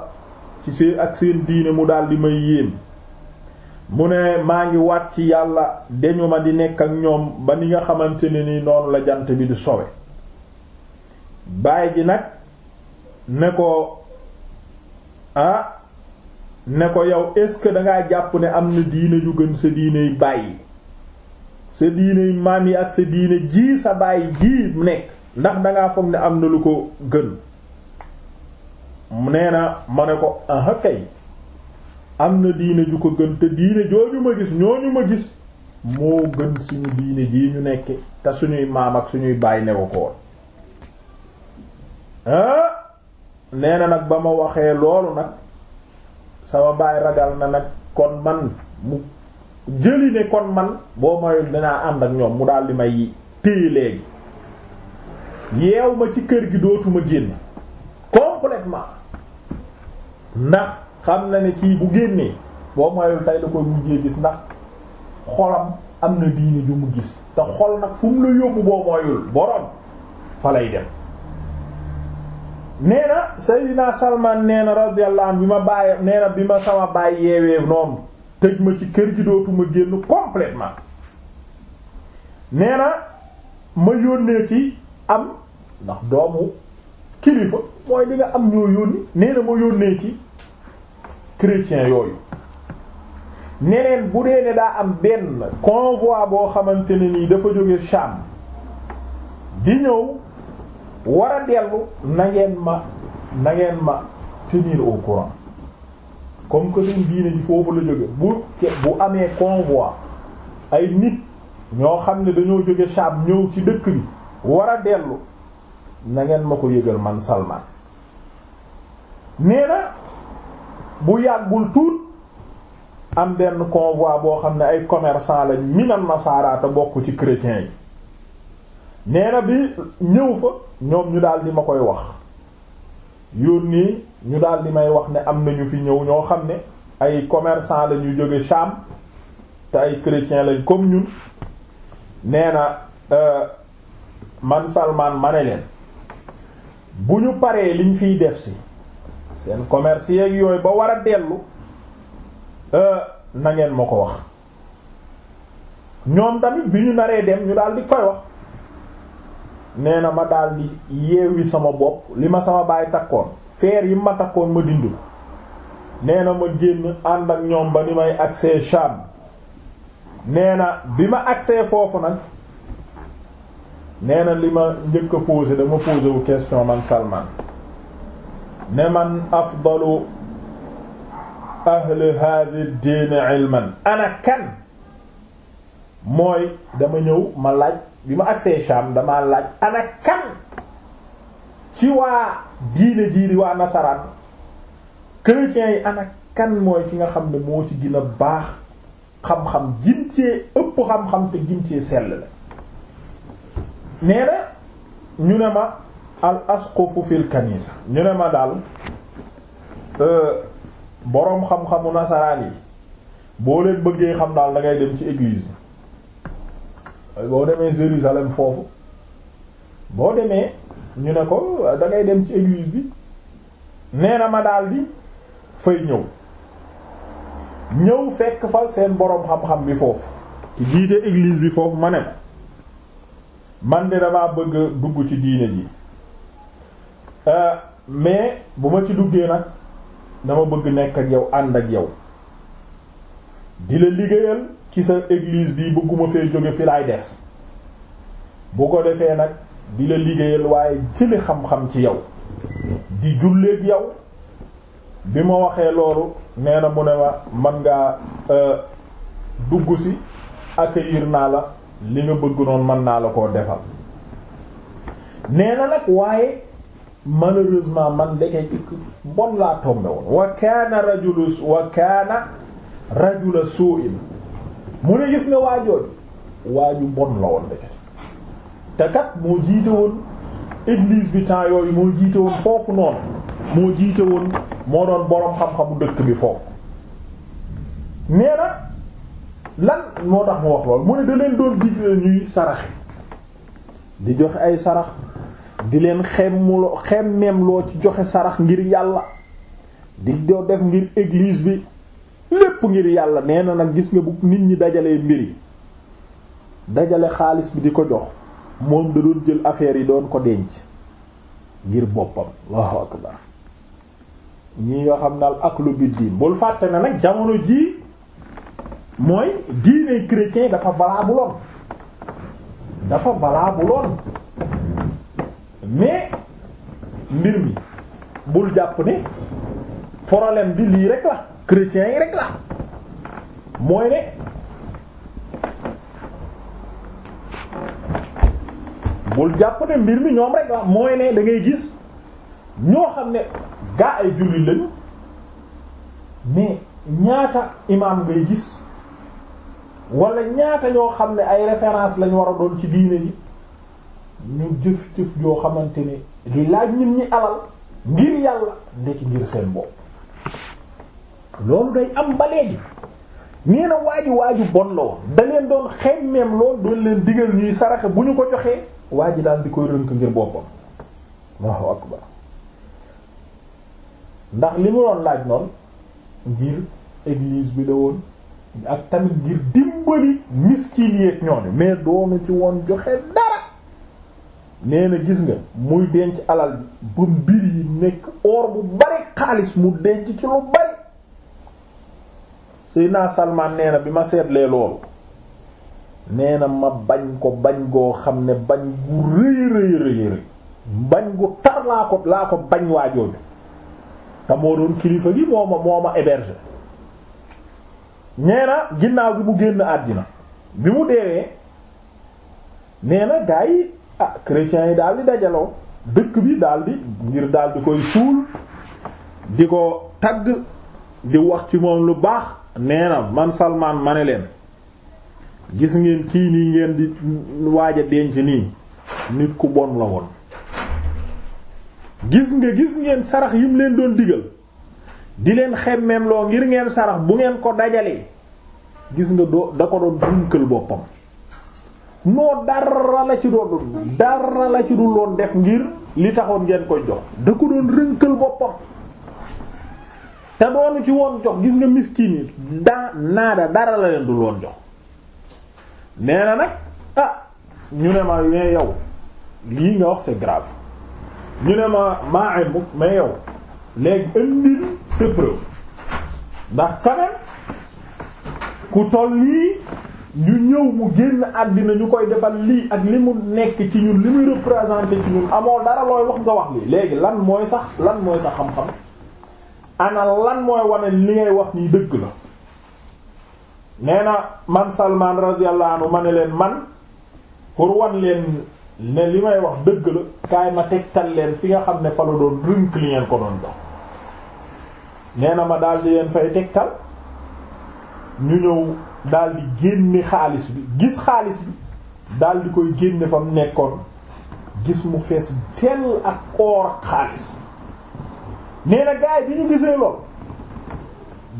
ci seen ak seen diine mu daldi may yéem mu ne maa ngi waat ci yàlla deñu ma di nekk ak ñoom ba ni nga xamante ne ni noonu la jant bi du sowe baay ji nag ne ko ah ne ko yow est-ce que dangaa jàpp ne am na diine ju gën sa diiney bàyyi sa diine maam yi ak sa diine jii sa baay jii nekk ndax dangaa foog ne am na lu ko gën nee na ma ne ko aha kay am na diine ju ko gën te diine jooju ma gis ñooñu ma gis moo gën suñu diine jii ñu nekk te suñuy maam ak suñuy baay newu ko woon ah nee na nag ba ma waxee loolu nag sama baay ragal na nag kon man mu jëli ne kon man boo mayul dinaa ànd ak ñoom mu daal di may téye léegi yeew ma ci kër gi dootuma génn complètement ndax xam na ne kii bu génnee boo mayul tey la koy mujjee gis ndax xolam am na diini ju mu gis te xol nag fu mu la yóbbu boo mayul boroom fa lay dem nee na Seydina Salman nee bi ma bàyyi nee bi ma sama bàyyi yeewee noonu tëj ma ci kër gi dootuma génn complètement nee na ma yónnee ci am ndax doomu kilifa mooy di nga am ñoo yónni nee ma yónnee ci chrétien yooyu neneen bu dee ne daa am benn convoi boo xamante ne nii dafa jóge Sham di ñëw war a dellu na ma na ngeen ma tenir au courant comme que seen diine ji foofu la jóge bu amee convoi ay nit ñoo xam ne dañoo jóge Sham ñëw ci dëkk bi war a dellu na ma ko yégal man Salman nee na bu yàggul tuut am benn convoi boo xam ne ay commerçant lañ minal nasaara te bokk ci chrétiens yi nee na bi ñëw fa ñoom ñu daal di ma koy wax yoon yónnee ñu daal di may wax ne am na ñu fi ñëw ñoo xam ne ay commerçant la ñu jóge Sham te ay chrétien lañ comme ñun nee na euh, man Salman ma ne bu ñu paree liñ fiy def si seen commerce yeeg yooyu ba war a dellu euh, na ngeen ma ko wax ñoom tamit bi ñu naree dem ñu daal di koy wax. nee na ma daal di yeewi sama bopp li ma sama baay takkoon feer yi ma takkoon ma dindi nee na ma génn àndak ñoom ba ni may agsee Sham nee na bi ma agsee foofu nag nee na li ma njëkk a posé dama posé wu question man Salman ne man afdalu ahli hadha ad-din ilman ana kan mooy dama ñëw ma laaj bi ma agsee Sham damaa laaj ana kan ci waa diine jiiri waa nasaraan chrétiens yi ana kan mooy ki nga xam ne moo ci gën a baax xam-xam gin ëpp xam-xam te gin cee sell la nee ñu ne ma al asqufu fil kanisa ñu ne ma daal euh, boroom xam-xamu nasaraan yi boo leen bëggee xam daal da ngay dem ci église Euh, boo demee Jérusalem foofu boo demee ñu ne ko da dem ci église bi nee na ma daldi fay ñëw ñëw fekk fa seen boroom xam-xam bi foofu ci jiite église bi foofu ma ne ma man de damaa bëgg dugg ci diine ji euh, mais bu ma ci duggee nag dama bëgg nekk ak yow ànd ak yow di la liggéeyal ci sa église bi bëgguma fee jóge fi laay des bu ko defee nag di la liggéeyal waaye jëli xam-xam ci yow di julleeg yow bi ma waxee loolu nee na mu ne ma man ngaa euh, dugg si accueillir naa la li nga bëgg noonu mën naa la koo defal nee nag waaye malheureusement man deke ci bon laa tombe woon wa kaana rajulus wa kaana rajula su'in mu ne gis nga waajooj waaju bon la woon de te kat moo jiite woon église bi temps yooyu moo jiite woon foofu noonu moo jiite woon moo doon boroom xam-xamu dëkk bi foofu nee na lan moo tax mu wax lool mu ne da leen doon digle ñuy saraxe di joxe ay sarax di leen xemmuloo xemmeem loo ci joxe sarax ngir yàlla di doo def ngir église bi lépp ngir yàlla nee na nag gis nga bu nit ñi dajalee mbir dajale xaalis bi di ko jox moom da doon jël affaire yi doon ko denc ngir boppam Allahu akbar ñi nga xam naal aklu bi diin bul fàtte na nag jamono jii mooy diine chrétien dafa valable woon dafa valable woon mais mbir mi bul jàpp ne problème bi lii rek la chrétiens yi rek la mooy ne bul jàpp ne mbir mi ñoom rek la mooy ne da gis ñoo xam ne gaa ay jullit lañu mais ñaata imaam ngay gis wala ñaata ñoo xam ne ay référence lañ war a doon ci diine yi ñu jëf jëf yoo xamante ne li laaj ñun ñi alal ngir yàlla ndekki ngir seen bopp loolu day am ba léegi nee waaju waaju bon la woon da leen doon xemmeem loolu doon leen digal ñuy saraxe bu ñu ko joxee waa ji daal di koy rënk ngir boppam waaw akbar ndax li mu doon laaj noonu ngir église bi la woon ak tamit ngir dimbali miskin yeeg ñooñu mais doonu ci woon joxe dara nee na gis nga muy denc alal ba mbir yi nekk or bu bari xaalis mu denc ci lu bari Seydina naa nee na bi ma seetlee loolu nee na ma bañ ko bañ goo xam ne bañ gu rëy rëy rëy rëy bañ gu tar laa ko laa ko bañ waajooju te moo doon kilifa gi moo ma moo ma héberger ginnaaw bi mu génn àddina bi mu deewee nee na gaa yi ah chrétiens yi daal di dajaloo dëkk bi daal di ngir daal di koy suul di ko tagg di wax ci moom lu baax nee na man Salmaan ma ne leen gis ngeen kii nii ngeen di waaj denc nii nit ku bon la woon gis nga gis ngeen sarax yim leen doon digal di leen xemmeem loo ngir ngeen sarax bu ngeen ko dajalee gis nga doo da ko doon dunkal boppam noo dara la ci doon dara la ci dul doon def ngir li taxoon ngeen koy jox da ko doon rënkal boppam te doonu ci woon jox gis nga miskin yi daa naada dara la leen dul woon jox nee na nag ah ñu ne ma mais yow lii nga wax c'est grave ñu ne ma maa ay mukk mais yow léegi indil sa preuve ndax quand ku toll yi ñu ñëw mu génn àddina ñu koy defal lii ak li mu nekk ci ñun li muy représenter ci ñun amoo dara mooy wax nga wax li léegi lan mooy sax lan mooy sax xam-xam ana lan mooy wane li ngay wax nii dëgg la nee na man Salman radiyallahu ma ne leen man pour wan leen ne li may wax dëgg la kaay ma tegtal leen fi nga xam ne fa la doon rënk li ngeen ko doon dox nee na ma daal di leen fay tegtal ñu ñëw daldi di génne xaalis bi gis xaalis bi daldi koy génne fa mu nekkoon gis mu fees dell ak oor xaalis nee na gars yi bi ñu gisee lool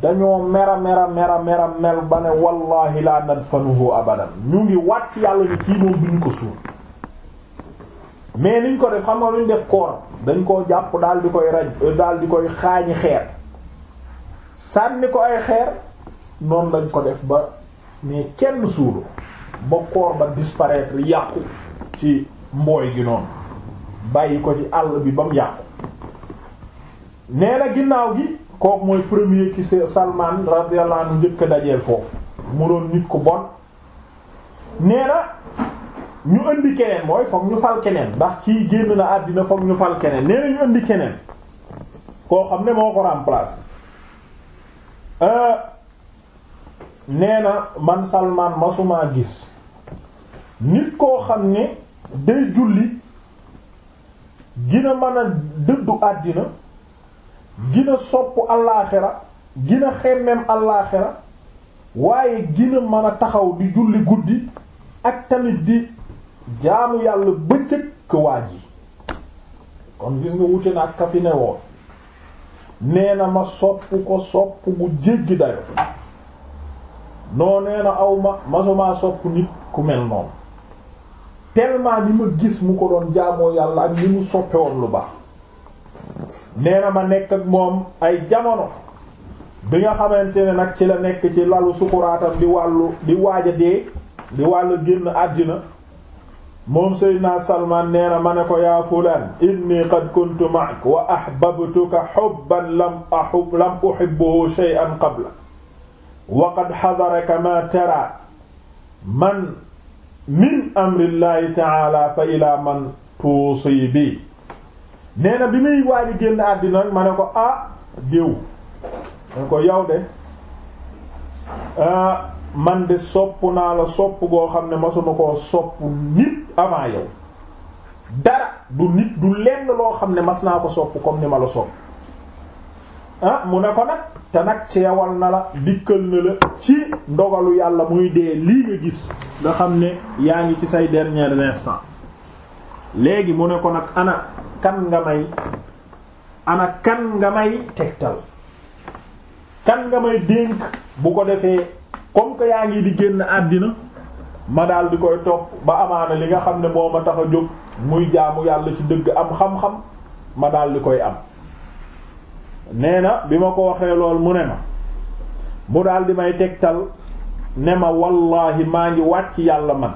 dañoo mera mera mera mera mel ba ne wallahi laa nadfanuhu abadan ñu ngi wàcc yàlla ni kii moom bi ñu ko suul mais niñ ko def xam nga luñ def koor dañ koo jàpp daal di koy raj euh, daal di koy xaañi xeer sànni ko ay xeer noonu lañ ko def ba mais kenn suulu ba koor ba disparaître yàqu ci mbooy gi noonu bàyyi ko ci àll bi ba mu yàqu nee na ginnaaw gi kooku mooy premier ki Salman radiyallahu anhu njëkk a dajeel foofu mu doon nit ku bon nee na ñu indi keneen mooy foog ñu fal keneen ndax kii génn na àddina foog ñu fal keneen nee na ñu indi keneen koo xam ne moo ko ne euh, nee na man Salman masumaa gis nit koo xam ne day julli gina mën a dëddu àddina gina sopp allaaxira gina xemmeem allaaxira waaye gina mën a taxaw di julli guddi ak tamit di jaamu yàlla bëccëg waaj yi kon gis nga wute naa ka ne woon nee na ma sopp ko sopp gu jéggi dayo noo nee na aw ma sopp nit ku mel noonu tellement ni ma gis mu ko doon jaamoo yàlla ak ni mu soppe woon lu baax nee na ma nekk ak moom ay jamono bi nga xamante ne nag ci la nekk ci lalu sukuraatam di wàllu di waaj a dee di wàllu génn àddina moom Seydina Salman nee na ma ne ko yaa fulaan inni qad kuntu ma'ak wa ahbabtuka hubban lam ahub lam uhibbuhu shay'an qabla wa qad hadaraka ma tara man min amrillahi ta'ala fa ila man tuusi bi nee na bi muy waaj génn àddina ma ne ko ah déw ma ne ko yow de ah, man de sopp naa la sopp goo xam ne masuma koo sopp nit avant yow dara du nit du lenn loo xam ne mas naa ko sopp comme ni ma la sopp ah mu ne ko nag te nag ceewal na la dikkal na la ci ndogalu yàlla muy dee lii nga gis nga xam ne yaa ngi ci say dernier instant léegi mu ne ko nag ana kan nga may ana kan nga may tegtal kan nga may dénk bu ko defee comme que yaa ngi di génn àddina ma daldi di koy topp ba amaana li nga xam ne moo ma tax a jóg muy jaamu yàlla ci dëgg am xam-xam ma daldi koy am nee na bi ma ko waxee lool mu ne ma mu daldi may tegtal ne ma wallaahi maa ngi wàcc yàlla man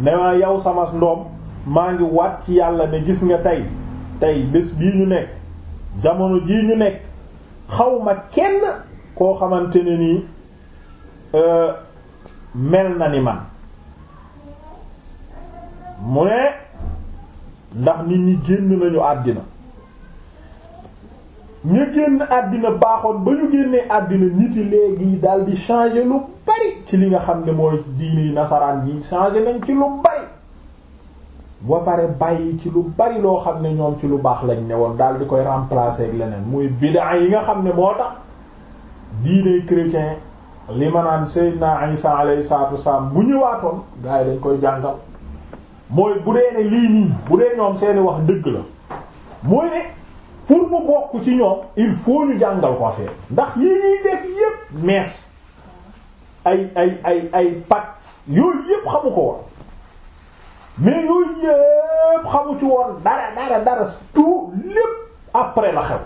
ne ma yow samas ndoom maa ngi waat ci yàlla ne gis nga tey tey bés bii ñu nekk jamono jii ñu nekk xawma kenn koo xamante ne nii euh, mel na ni man mu ne ndax nit ñi génn nañu àddina ñu génn àddina baaxoon ba ñu génnee àddina nit yi léegi daal changer lu bari ci li nga xam ne mooy diini nasaraan yi changer nañ ci lu bari ba pare bàyyi ci lu bari loo xam ne ñoom ci lu baax lañ ne woon daal di koy remplacer ak leneen muy bid'a yi nga xam ne moo tax diine chrétien li ma naan Seydina Isa alayhi salaatu wasalaam bu ñëwaatoon gars yi dañ koy jàngal mooy bu dee ne lii nii bu dee ñoom seeni wax dëgg la mooy ne pour mu bokk ci ñoom il faut yu jàngal ko affaire ndax yi ñuy def yépp mees ay ay ay ay pat yooyu yépp xamu ko woon mais yooyu yëpp xamu ci woon dara dara dara tout lépp après la xew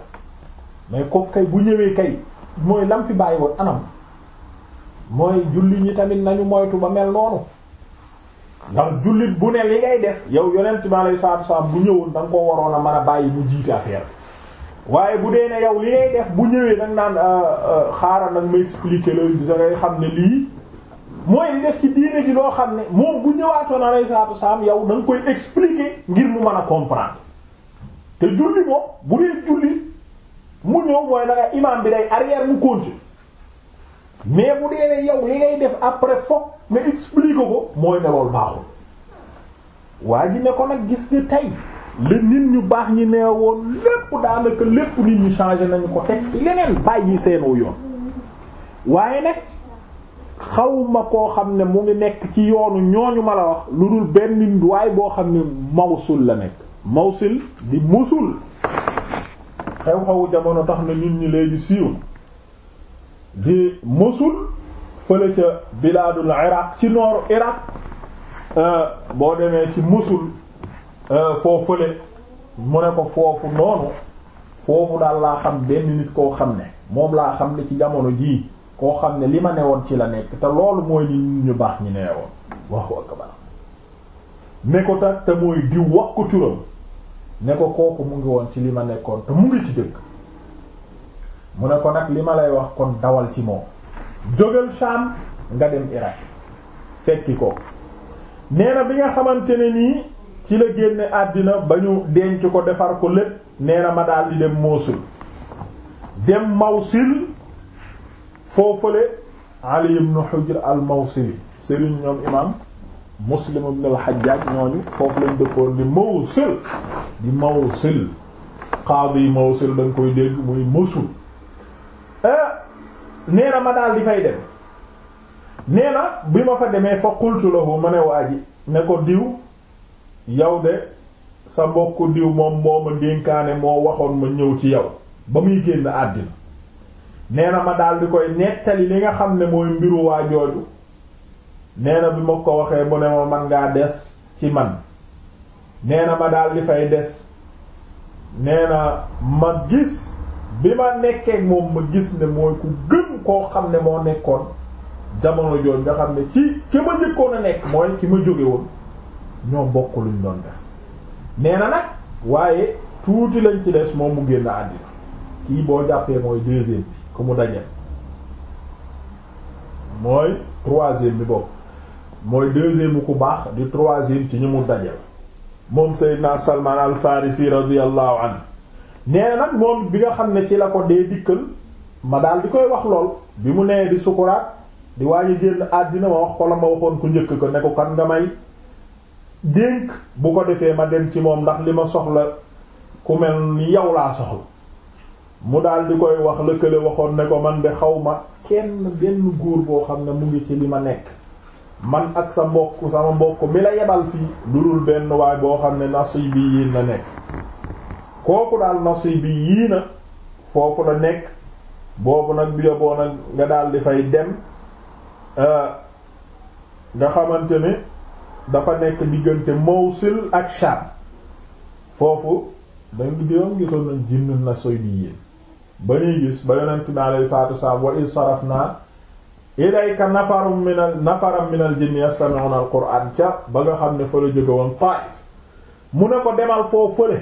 mais kooku kay bu ñëwee kay mooy lam fi bàyyi woon anam mooy jullit ñi tamit nañu moytu ba mel noonu ndax jullit bu ne li ngay def yow yonent bi alayhi salaatu wasallam bu ñëwoon da koo ko waroon a mën a bàyyi mu jiite affaire waaye bu dee ne yow li ngay def bu ñëwee nag naan euh, euh, xaaral nag ma expliquer la dangay xam ne lii mooy def ci diine gi loo xam ne moom bu ñëwaatoon alayhi salaatu wasalaam yow da nga koy expliquer ngir mu mën a comprendre te julli moom bu dee julli mu ñëw mooy danga imaam bi day arrière mu continue mais bu dee ne yow li ngay def après foog nga expliquer ko mooy ne loolu waa ji ne nag gis nga tey le nit ñu baax ñi nee woon lépp daanaka lépp nit ñu changé nañu ko teg ci leneen bàyyi seenoo yoon waaye nag xawma koo xam ne mu ngi nekk ci yoonu ñooñu ma la wax lu dul benn waay boo xam ne mawsul la nekk mawsul di musul xew-xewu jamono tax na nit ñi léegi siiw di musul fële ca bilaadul iraq ci nooru iraq euh, boo demee ci musul euh, foo fële mu ne ko foofu noonu foofu daal laa xam benn nit koo xam ne moom laa xam ne ci jamono jii koo xam ne li ma woon ci la nekk te loolu mooy ni ñu baax ñi newoon waxu akbar ne ko ta te mooy diw wax ko turam ne ko kooku mu ngi woon ci li ma nekkoon te mu ngi ci dëkk mu ne ko nag li ma lay wax kon dawal ci moom jógal Sham nga dem Irak fekki ko nee na bi nga xamante ne nii ci la génne àddina ba ñu denc ko defar ko lépp nee na ma daal di dem Mosul dem Mawsil foofale Ali ibn Hujr al-Mawsili Serigne ñoom imam Muslim ibn al-Hajjaj ñooñu foofu lañ dëkkoon di Mawsil di Mawsil qaadi Mawsil da nga koy dégg muy Mosul eh, nee na ma daal di fay dem nee na bi ma fa demee fa qultu lahu ma ne waa ne ko diw yow de sa mbokku diw moom moo ma dénkaane moo waxoon ma ñëw ci yow ba muy génn àddina nee ma daal di koy nettali li nga xam ne mooy mbiru waa jooju nee na bi ma ko waxee bu ne ma man ngaa des ci man nee ma daal di fay des nee na ma gis bi ma nekkee moom ma gis ne mooy ku gën koo xam ne moo nekkoon jamono jooju nga xam ne ci ki ma njëkkoon a nekk mooy ki ma jóge ñoo bokk luñ doon def nee na nag waaye tuuti lañ ci des moom mu génn àddina kii boo jàppee mooy deuxième ku mu daje mooy troisième bi bokk mooy deuxième ku baax di troisième ci ñu mu dajal moom Seydina Salman al Farisi radiyallahu anhu nee nag moom bi nga xam ne ci la ko dee dikkal ma daal di koy wax lool bi mu nee di sukuraat di waañu génn àddina ma wax ko la ma waxoon ku njëkk ko ne ko kan nga may dénk bu ko defee ma dem ci moom ndax li ma soxla ku mel ni yow laa soxla mu daal di koy wax lëkkale waxoon ne ko man de xaw ma kenn benn góor boo xam ne mu ngi ci li ma nekk man ak sa mbokk sama mbokk mi la yebal fii lu dul benn waay boo xam ne nasibi yiin daal nasibi yii na foofu la nekk boobu nag bi yoboo nag nga daal di fay dem euh, nga xamante ne dafa nekk diggante Mawsil ak Sham foofu danga gisoon nañ jinn nasibi yiin ba ñuy gis ba yonent bi alayhi salaatu wasalaam wa iz sarafnaa ilayka nafarum minal nafaram minal jinni yastami'una al-qur'aan ca ba nga xam ne fa la jóge Taayif mu ne ko demal foofu fële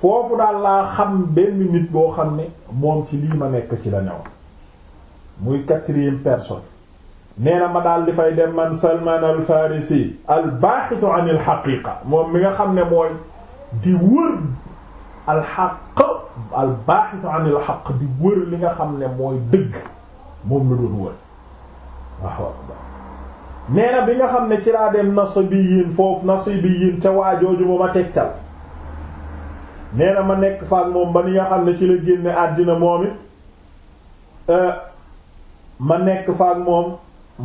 foofu daal laa xam benn nit boo xam ne moom ci lii ma nekk ci la newoon muy quatrième nee na ma daal di fay dem man Salman al-Farisi al-baaxitu an il xaqiqa moom mi nga xam ne mooy di wër al xaq xaq al baaxitu anil xaq di wër li nga xam ne mooy dëgg moom la doon wër waaw bi nga xam ne ci laa dem nasabiyin foofu nasabiyin ca waajooju ba ma tegtal nee na ma nekk faak moom ba ni nga xam ne ci la génne àddina moom ma nekk faak moom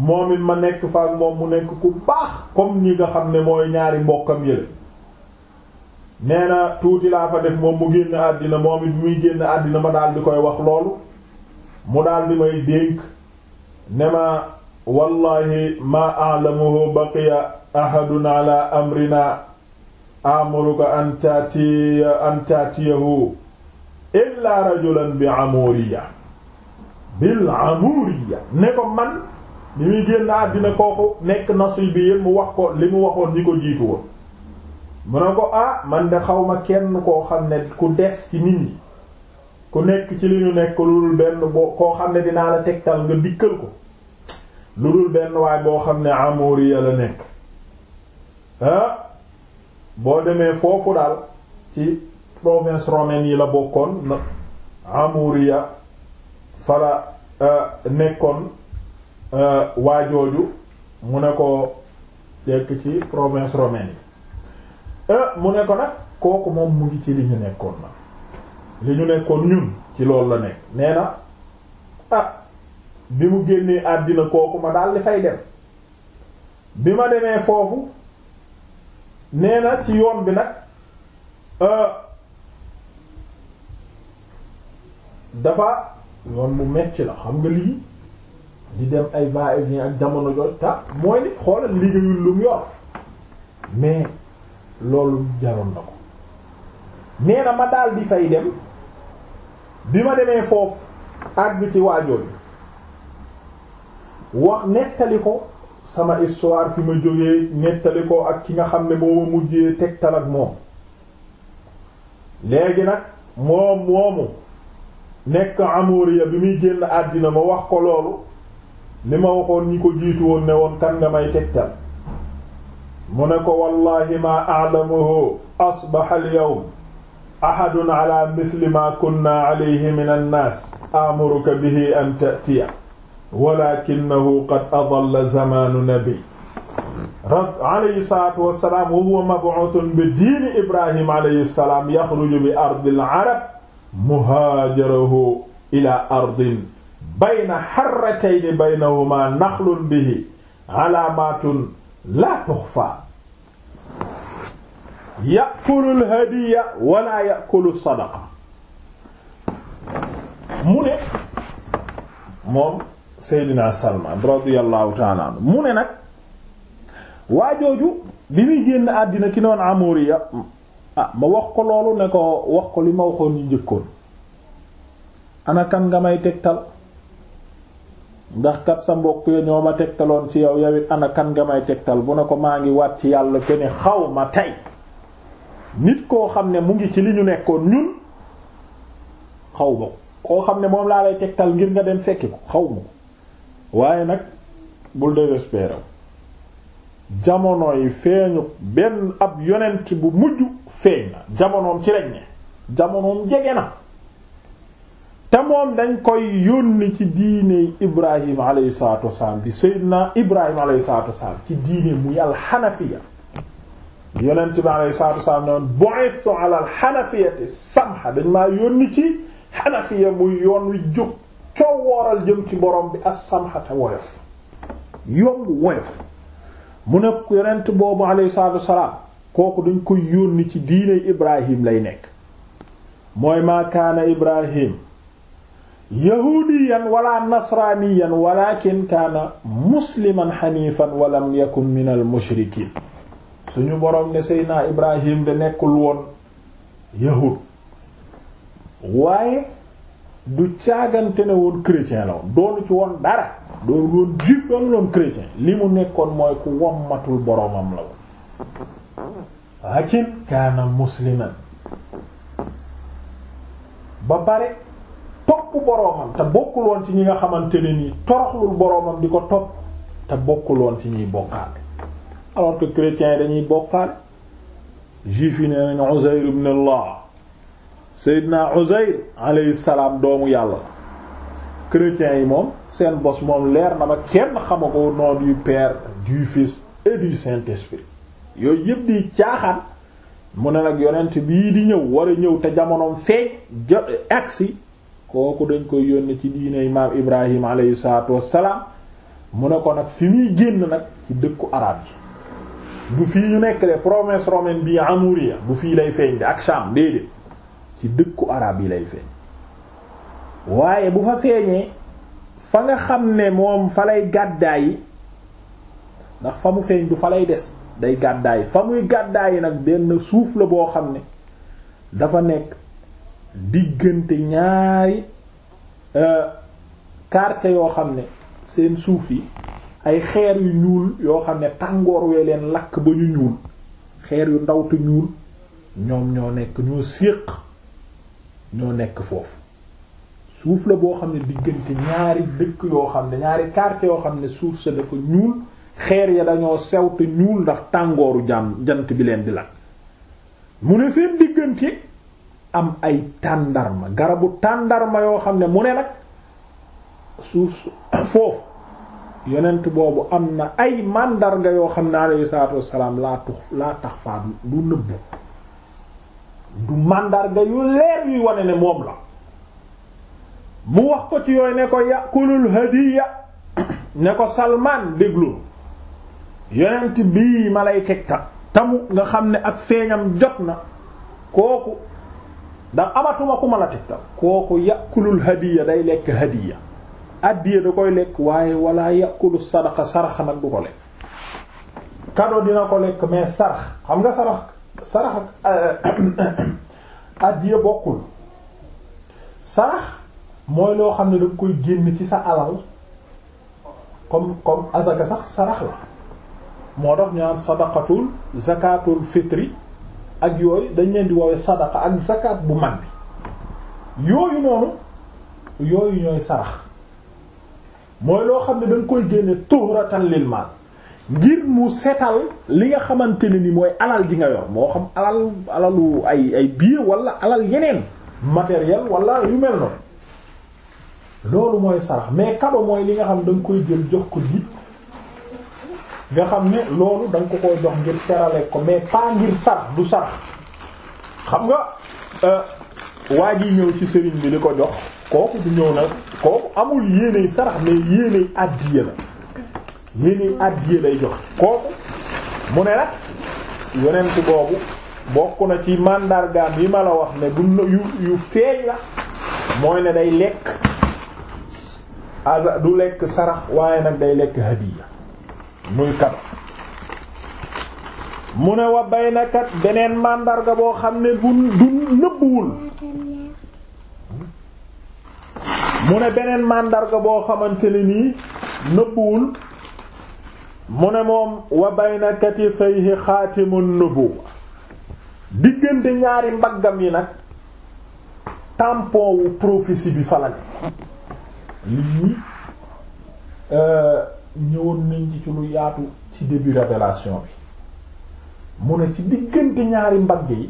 moom ma nekk faak moom mu nekk ku baax comme ñi nga xam ne mooy ñaari mbokkam yële nee na tuuti laa fa def moom mu génn àddina moom it muy génn àddina ma daal di koy wax loolu mu daal di may dénk ne ma wallahi ma a'lamuhu baqiya ahadun ala amrina amuruka an taatiya an taatiyahu illa rajulan bi amuriya bil amuriya ne ko man li muy génn àddina kooku nekk nasibi mu wax ko li mu waxoon ñi ko jiitu woon mu ne ko ah man de xaw ma kenn koo xam ne ku des ci nit ñi ku nekk ci li ñu nekk lu dul benn boo koo xam ne dinaa la tegtal nga dikkal ko lu dul benn waay boo xam ne amoriya la nekk ah boo demee foofu daal ci province yi la bokkoon na amoriya fa la ah, nekkoon ah, waajooju mu ne ko tekk ci province romaine yi Euh, mu ne ko nag kooku moom mu ngi ci li ñu nekkoon na li ñu nekkoon ñun ci loolu la nekk nee na ah bi mu génnee àddina kooku ma daal di dem bi ma demee foofu nee na ci yoon bi nag euh, dafa yoon mu metti la xam nga lii di dem ay va et vient ak jamono jooju ta mooy ni xoolal liggéeyul lu mu yor mais loolu jaroon na ko nee na ma daal di fay dem bi ma demee foofu àgg ci waajoon wax nettali ko sama histoire fi ma jógee nettali ko ak ki nga xam ne booba mujjee tegtal ak moom léegi nag moom moomu nekk amóoriya bi muy génn àddina ma wax ko loolu li ma waxoon ñi ko jiitu woon ne woon kan nga may tegtal mu ne ko wallahi maa a'lamuhu asbaha al-yawm ahadun ala mithli ma kunna alayhi min an-nas amuruka bihi an ta'tiya walakinahu qad adalla zamanu nabi alayhi salatu wasalaam wa huwa mab'uthun bi diini ibrahim alayhi salaam yaxruju bi ardil arab muhaajarahu ila ardin bayna harratayni baynahuma naxlun bihi alaamatun laa tuxfa yàqulul hadiya wala yàqulu sadaqa mu ne moom Seydina Salman radiyallahu ta'ala anhu mu ne nag waajooju bi muy génn àddina ki noon Amuriya ah ma wax ko loolu ne ko wax ko li ma waxoon ñu njëkkoon ana nga may tegtal ndax kat sa mbokk ya ñoo ma tegtaloon ci yow yawit ana kan nga may tegtal bu ne ko maa ngi waat ci yàlla ke ne xaw ma tey nit koo xam ne mu ngi ci li ñu nekkoon ñun xaw ma ko koo xam ne moom laa lay tegtal ngir nga dem fekki ko xaw ma ko waaye nag bul désespérer jamono yi feeñu benn ab yonent bu mujj feeñ na jamonoom ci lañ ne jamonoom jege na te moom dañ koy yónni ci diine Ibrahim alayhi salaatu wasalaam di Seydina Ibrahim alayhi salaatu wasalaam ci diine muy alxanafiya yonent bi alayhi salaatu wasalaam ne woon bu'ithtu dañ maa yónni ci xanafiya muy yoon wi jóg coow wooral jëm ci borom bi as-samha te woyof yomb woyof mu ne yonent boobu alayhi salaatu kooku dañ koy yónni ci diine Ibrahim lay nekk mooy maa kaana Ibrahim yahudiyan wala nasraaniyan walakin kaana musliman xaniifan walam yakun min al mushrikiin suñu boroom ne seydna ibrahim de nekkul woon yahud waaye du caagante ne woon chrétien la woon doonu ci woon dara doonu woon juif doonu woon chrétien li mu nekkoon mooy ku wommatul boroomam la woon lakin kaana musliman ba bare topp boroomam te bokkul woon ci ñi nga xamante ne nii toroxlul boroomam di ko topp te bokkul woon ci ñuy bokkaale alors que chrétiens yi dañuy bokkaale juifs yi nee nañ Uzayr ibn Allah Seydina Uzayr salaam doomu yàlla chrétiens yi moom seen bos moom leer na ma kenn xama ko au nom du Père du Fils et du Saint-Esprit yooyu yëpp di caaxaan mu ne nag yonent bii di ñëw war a ñëw te jamonoom feeñ jo agsi kooku dañ koy yónnee ci diiney maam Ibrahim aleyhi salaatu wassalaam mu ne ko nag fi muy génn nag ci dëkku arab yi du fii ñu nekk de promesse romaine bi Amouria du fii lay feeñ de ak Sham déedéet ci dëkku araab yi lay feeñ waaye bu fa feeñee fa nga xam ne moom fa lay gàddaayi ndax fa mu feeñ du fa lay des day gàddaay fa muy yi nag benn suuf la boo xam ne dafa nekk diggante ñaari euh, quartier yoo xam ne seen suuf yi ay xeer yu ñuul yoo xam ne tàngoor wee leen lakk ba ñu ñuul xeer yu ndaw te ñuul ñoom ñoo nekk ñoo séq ñoo nekk foofu suuf la boo xam ne diggante ñaari dëkk yoo xam ne ñaari quartier yoo xam ne suuf sa dafa ñuul xeer yi dañoo sew te ñuul ndax tàngooru jàmm jant bi leen di lakk mu ne seen diggante am ay tàndarma garabu tàndarma yoo xam ne mu ne nag suuf foofu yonent boobu am na ay màndarga yoo xam ne alayhi salaatu wassalaam laa tux laa tax faat du nëbbu du màndarga yu leer yuy wane ne moom la mu wax ko ci yooyu ne ko yàqulul hadiya ne ko salmaan déglul yonent bii ma lay tegtal tamu nga xam ne ak feeñam jot na kooku ndax amatuma ku ma la tegtal kooku yàqulul hadiya day lekk hadiya addiya da koy lekk waaye wala yàqulu sadaqa sarax nag du ko lekk kado dina ko lekk mais sarax xam nga sarax sarax ak addiya bokkul sarax mooy loo xam ne danga koy génn ci sa alal comme comme azaka sax sarax la moo tax ñu sadaqatul zakatul fitri ak yooyu dañ leen di woowee sadaqa ak zakat bu mag bi yooyu noonu yooyu ñooy sarax mooy loo xam ne da nga koy génne tuhratan leen mal ngir mu seetal li nga xamante ne ni mooy alal ji nga yor moo xam alal alalu ay ay biir wala alal yeneen matériel wala yu mel noonu loolu mooy sarax mais kado mooy li nga xam da nga koy jël jox ko nit nga xam ne loolu da nga ko koy jox ngir terale ko mais pas ngir sarax du sarax xam nga euh, waa ji ñëw ci sëriñ bi di ko jox kooku du ñëw nag kooku amul yéenay sarax mais yéenay àddiya la yéenay àddiya lay jox kooku mu ne nag yonent boobu bokk na ci mandargaam yi ma la wax ne du yu yu feeñ la mooy ne day lekk asa du lekk sarax waaye nag day lekk hadiya muy kado mu ne wa baynakat beneen màndarga boo xam ne bu du nëbbuwul mu ne beneen màndarga boo xamante ni nii nëbbuwul mu ne moom wa bayna katifayhi xaatimun nubuwa diggante ñaari mbaggam yi nag tampon wu bi falal lii ñëwoon nañ ci ci lu yaatu ci début révélation bi mu ne ci diggante ñaari mbagg yi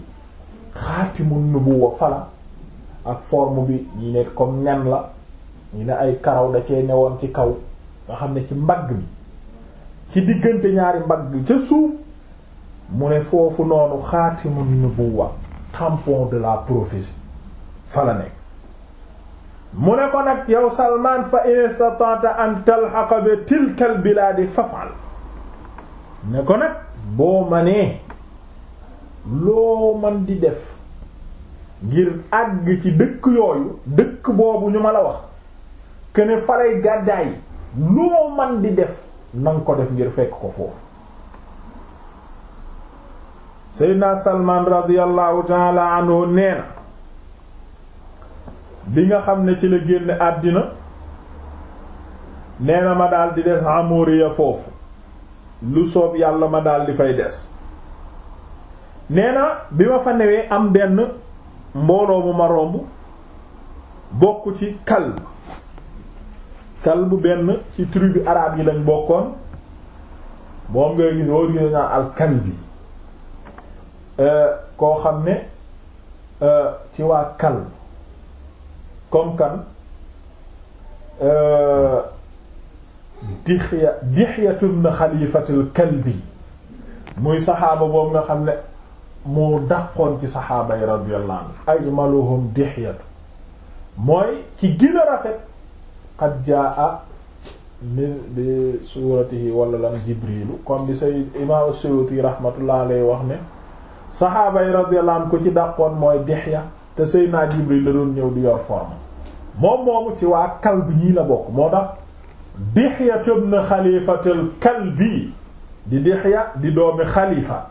xaatimun nubuwa fala ak forme bi ñi ne comme nen la ñi ne ay karaw da cee newoon ci kaw nga xam ne ci mbagg bi ci diggante ñaari mbagg ca suuf mu ne foofu noonu xaatimun nubuwa tampon de la prophétie fala nekk mu ne ko nag yow Salmaan fa in istata'ta an talhaqa bi tilka al bilaadi faf'al ne ko nag boo manee loo man di def ngir àgg ci dëkk yooyu dëkk boobu ñu ma la wax kene falay gàddaay loo man di def nanga ko def ngir fekk ko foofu Seydina Salmaan radiyallahu ta'ala anhu nee na bi nga xam ne ci la génn àddina neena ma daal di des Amoriya foofu lu soob yàlla ma dal di fay des nee bi ma fa newee am benn mbooloo mu ma romb bokk ci kalb bu benn ci tribu araab yi lañ bokkoon moom ngay gis woo gis naa al kalbi euh, koo xam ne euh, ci waa kalb comme kan euh, dixya dixyatu ibn xalifatul kalbi muy saxaaba boobu nga xam ne moo daqoon ci saxaaba yi radiyallahu anhu ajmaluhum dixyatu mooy ci gën rafet qad jaa min bi suratihi wala lam jibrilu comme di say imam Suyuti rahmatullah alayhi wax ne saxaaba yi radiyallahu anhu ku ci dàqoon mooy dixya te Seydina Jibril la doon ñëw di yor forme moom moomu ci waa Kalb ñii la bokk moo tax Dihya ibn Xalifatul Kalbi di Dihya di doomi Xalifa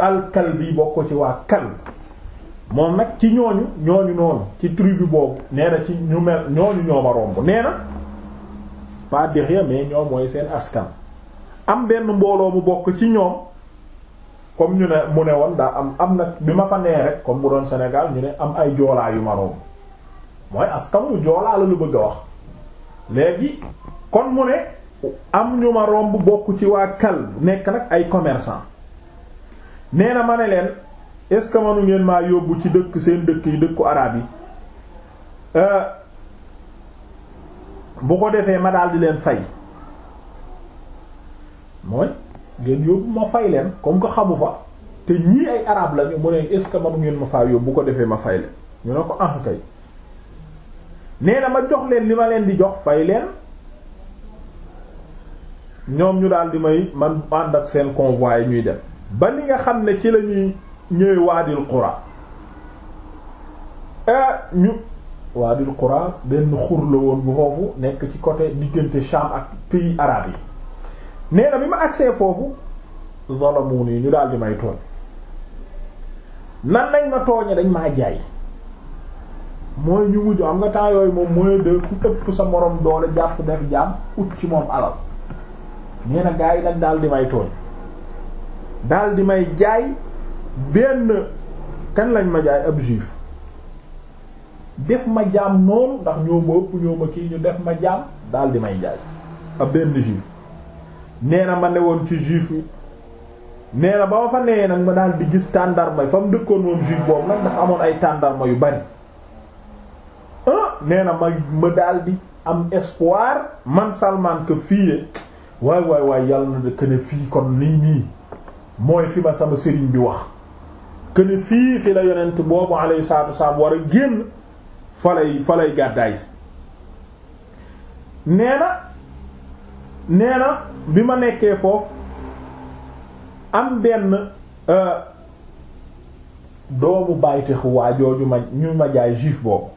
al Kalbi bokk ci waa Kalb moom nag ci ñooñu ñooñu noonu ci tribu boobu nee na ci ñu mel ñooñu ñoo romb nee na pas Dihya mais ñoom mooy seen askan am benn mbooloo mu bokk ci ñoom comme ñu ne mu ne woon daa am am na bi ma fa nee rek comme bu doon Sénégal ñu ne am ay joolaa yu maroom mooy askanu joolaa la lu bëgg a wax léegi kon mu ne am ñu ma romb bokk ci waa kal nekk nag ay commerçant nee na ma ne leen est-ce que manu ngeen maa yóbbu ci dëkk seen dëkk yi dëkku araab yi euh, bu ko defee ma daal di leen fay mooy ngeen yóbbu ma fay leen comme que xamu fa te ñii ay arab lañu mu ne est-ce que manu ngeen ma faa yóbbu bu ko defee ma fay leen ñu ne ko ah na ma jox leen li ma leen di jox fay leen ñoom ñu daal di may man ànd ak seen convoi yi ñuy def ba ni nga xam ne ci lañuy ñuy ñëwee waadil qura eh, ñu waadil qura benn xur la woon bu foofu nekk ci côté diggante Sham ak pays arabes yi nee na bi ma agsee foofu zalamu nii ñu daal di may tooñ nan lañ ma tooñe dañ maa jaay mooy ñu mujj am nga temps yooyu moom mooy de ku ëpp sa moroom doole jàpp def jaam ut ci moom alal nee na gaa nag daal di may tooñ daal di may jaay benn kan lañ ma jaay ab juif def ma jaam noonu ndax ñoo ma ëpp ñoo ma kii ñu def ma jaam daal di may jaay ab benn juif nee na ma newoon ci juif yi nee ba ma fa nee nag ma daal di gis tàndarma fa mu dëkkoon moom juif boobu nag dafa amoon ay tàndarma yu bari ah nee na ma ma daal di am espoir man Salman que fii waay waay waay yàlla na de fii kon lii nii mooy fi ma sama sëriñ bi wax que fii fi la yonent boobu alayhi salaatu wasallam war a génn fa lay fa lay gàddaay si nee nee na bi ma nekkee foofu am benn euh, doomu bàytixu waa jooju ma ñu ma jaay juif boobu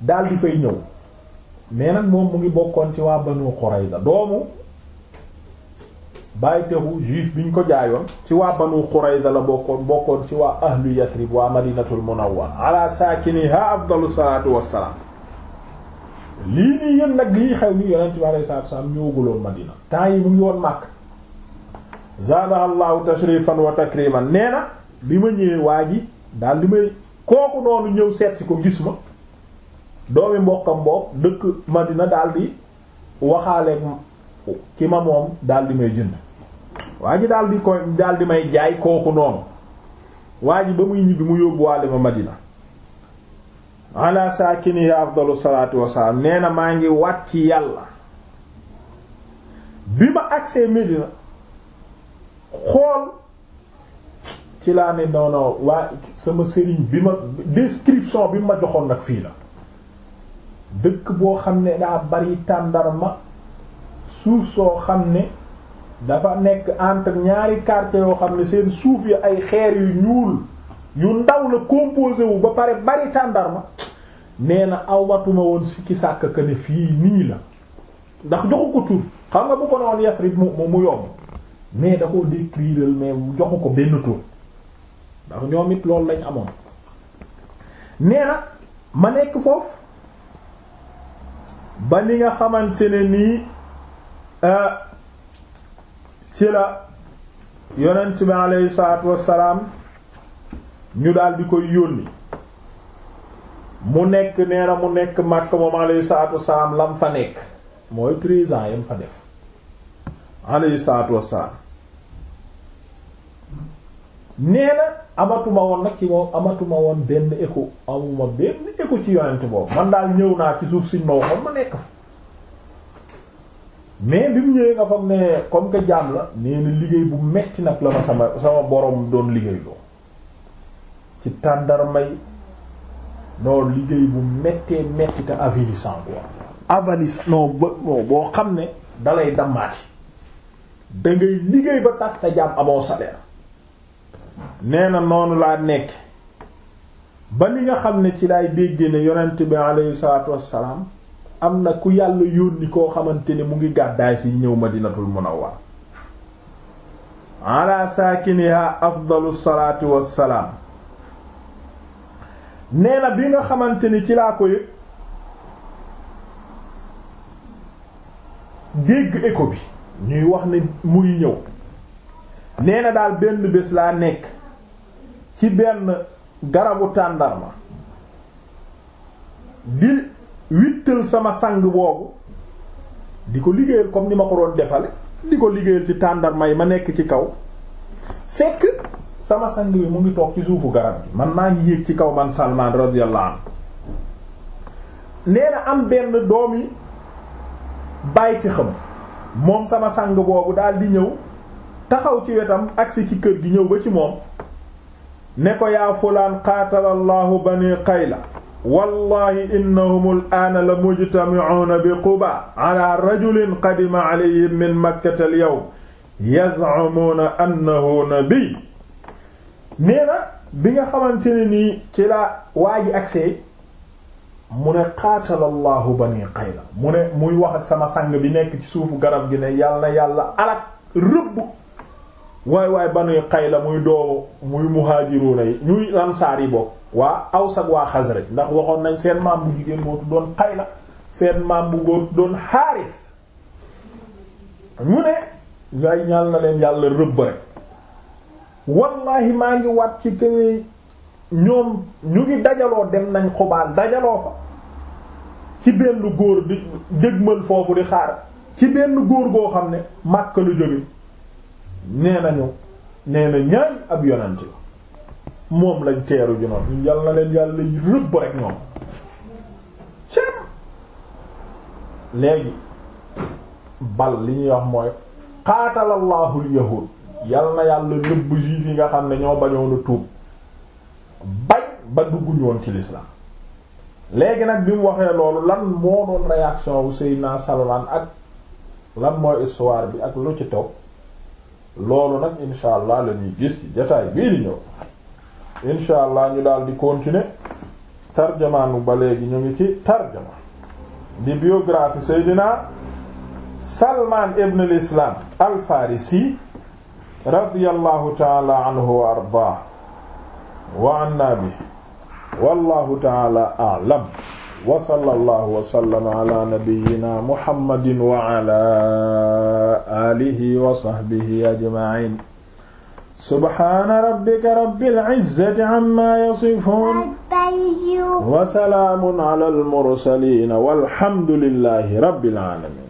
daal di fay ñëw mais nag moom mu ngi bokkoon ci waa Banu Qurayza doomu bàytixu juif bi ñu ko jaayoon ci waa Banu Qurayza la bokkoon bokkoon ci waa ahlu Yasrib waa Madinatul Munawwara ala saakiniha afdalu salaatu wassalaam lii nii yëpp nag lii xew nii yonent bi alayhi salaatu wasallam ñëwaguloon Madina temps yi mu ngi woon Makka zaadaha Allahu tashrifan nee na bi ma ñëwee waa ji daal li may kooku noonu ñëw seeti ko gis ma doomi mbokkam boobu dëkk Madina daal di waxaaleeg ki ma moom daal di may jënd waa ji daal di koy daal di may jaay kooku noonu waa ji ba muy ñibbi mu yóbbuwaale ma Madina ala saakinihi afdalu salaatu wassalaam nee maa ngi wàcc yàlla bi ma agsee Medina xool ci laa ne non non sama sëriñ bi ma description bi ma joxoon nag fii la dëkk boo xam ne daa bari tàndarma suuf soo xam ne dafa nekk entre ñaari quartier yoo xam ne seen suuf yi ay xeer yu ñuul yu ndaw la composé wu ba pare bari tàndarma nee na awatuma woon sikki sàkk que ne fii nii la ndax joxu ko tur xam nga bu ko noon Yasrib mu mu yomb mais da koo décrire mais joxu ko benn tur ndax ñoom it loolu lañ amoon nee na ma nekk foofu ba ni nga xamante ne nii euh, ci la yonent bi aleyhi salaatu wassalaam ñu daal di koy yónni mu nekk nee na mu nekk Makka moom alayhi salaatu wasalaam lam fa nekk mooy treize ans yam fa def alayhi salaatu wasalaam nee na amatuma woon nag ci moom amatuma woon benn écho amuma benn écho ci yonent boobu man daal ñëw naa ci suuf siñ ma waxoon ma nekk fa mais bi mu ñëwee nga fam ne comme que jaam la nee na liggéey bu metti nag la ma sama sama borom doon liggéey loo ci tàndarmay non liggéey bu méttee métti te avilissant quoi avalissant boo xam ne dalay dammaati da liggéey ba tas te jàmm amoo salaire nee na noonu laa nekk ba li nga xam ne ci lay dégg ne yonent bi aleyhi am na ku yàlla yónni koo xamante ne mu ngi gàddaay si ñëw madinatul munawwar ala saakiniha afdalu salaatu wassalaam nee na bi nga xamante ni ci laa ko yëg dégg écho bi ñuy wax ne muy ngi ñëw nee na daal benn bés laa nekk ci benn garabu tàndarma di wittal sama sang boobu di ko liggéeyal comme ni ma ko doon defale di ko liggéeyal ci tàndarma yi ma nekk ci kaw fekk sama sang bi mu ngi toog ci suufu garab gi man maa ngi yéeg ci kaw man Salman radiyallahu anhu nee na am benn doomi bàyyi ci xam moom sama sang boobu daal ñëw taxaw ci wetam agsi ci kër gi ñëw ba ci moom ne ko yaa fulaan qaatala allahu bani qayla wallahi innahum al'aana la mujtami'uuna bi quba ala rajulin qadima alayhim min makkata al yawm yaz'umuuna annahu nabiy nee na bi nga xamante ne nii ci la waa ji accès mu ne qaatalallahu bani qayla mu ne muy wax ak sama sang bi nekk ci suufu garab gi ne yàlla yàlla alak rëbb waay waay bani qayla muy doomu muy muhaajiruuna yi ñuy lansaar yi bokk waa Aws ak waa Xasraj ndax waxoon nañ seen maam bu jigéen moo tuddoon Qayla seen maam bu góor tuddoon Xaaris mu ne ngay ñal na leen yàlla rëbb rek wallahi maa ngi wat ci këne ñoom ñu ngi dajaloo dem nañ xubaal dajaloo fa ci benn góor di dégmal foofu di xaar ci benn góor goo xam ne màkk lu jóge nee nañu nee na ñaay ab yonent moom lañ teeru ji yal na leen yàlla rëbb rek ñoom léegi bal li ñuy wax mooy qaatalallahu al yàlla na yàlla nëbb juif yi nga xam ne ñoo bañoon a tuub bañ ba dugguñu ci l'islam léegi nag bi mu waxee loolu lan moo doon réaction wu Seydina Salman ak lan mooy histoire bi ak lu ci topp loolu nag incha allah la ñuy gis ci jotaay bii di ñëw incha allah ñu daal di continuer tarjamaanu ba léegi ñu ngi ci tarjama di biographie Seydina Salman ibn al al-Farisi radiyallahu taala anhu wa ardaa wa anna bi wallahu taala a'lam wa sallallahu wa sallama ala nabiyyina muhammadin wa ala alihi wa sahbihi ajma'in subhana rabbika rabbil izzati amma yasifun wa salaamun ala al mursalin walhamdulillahi rabbil alamin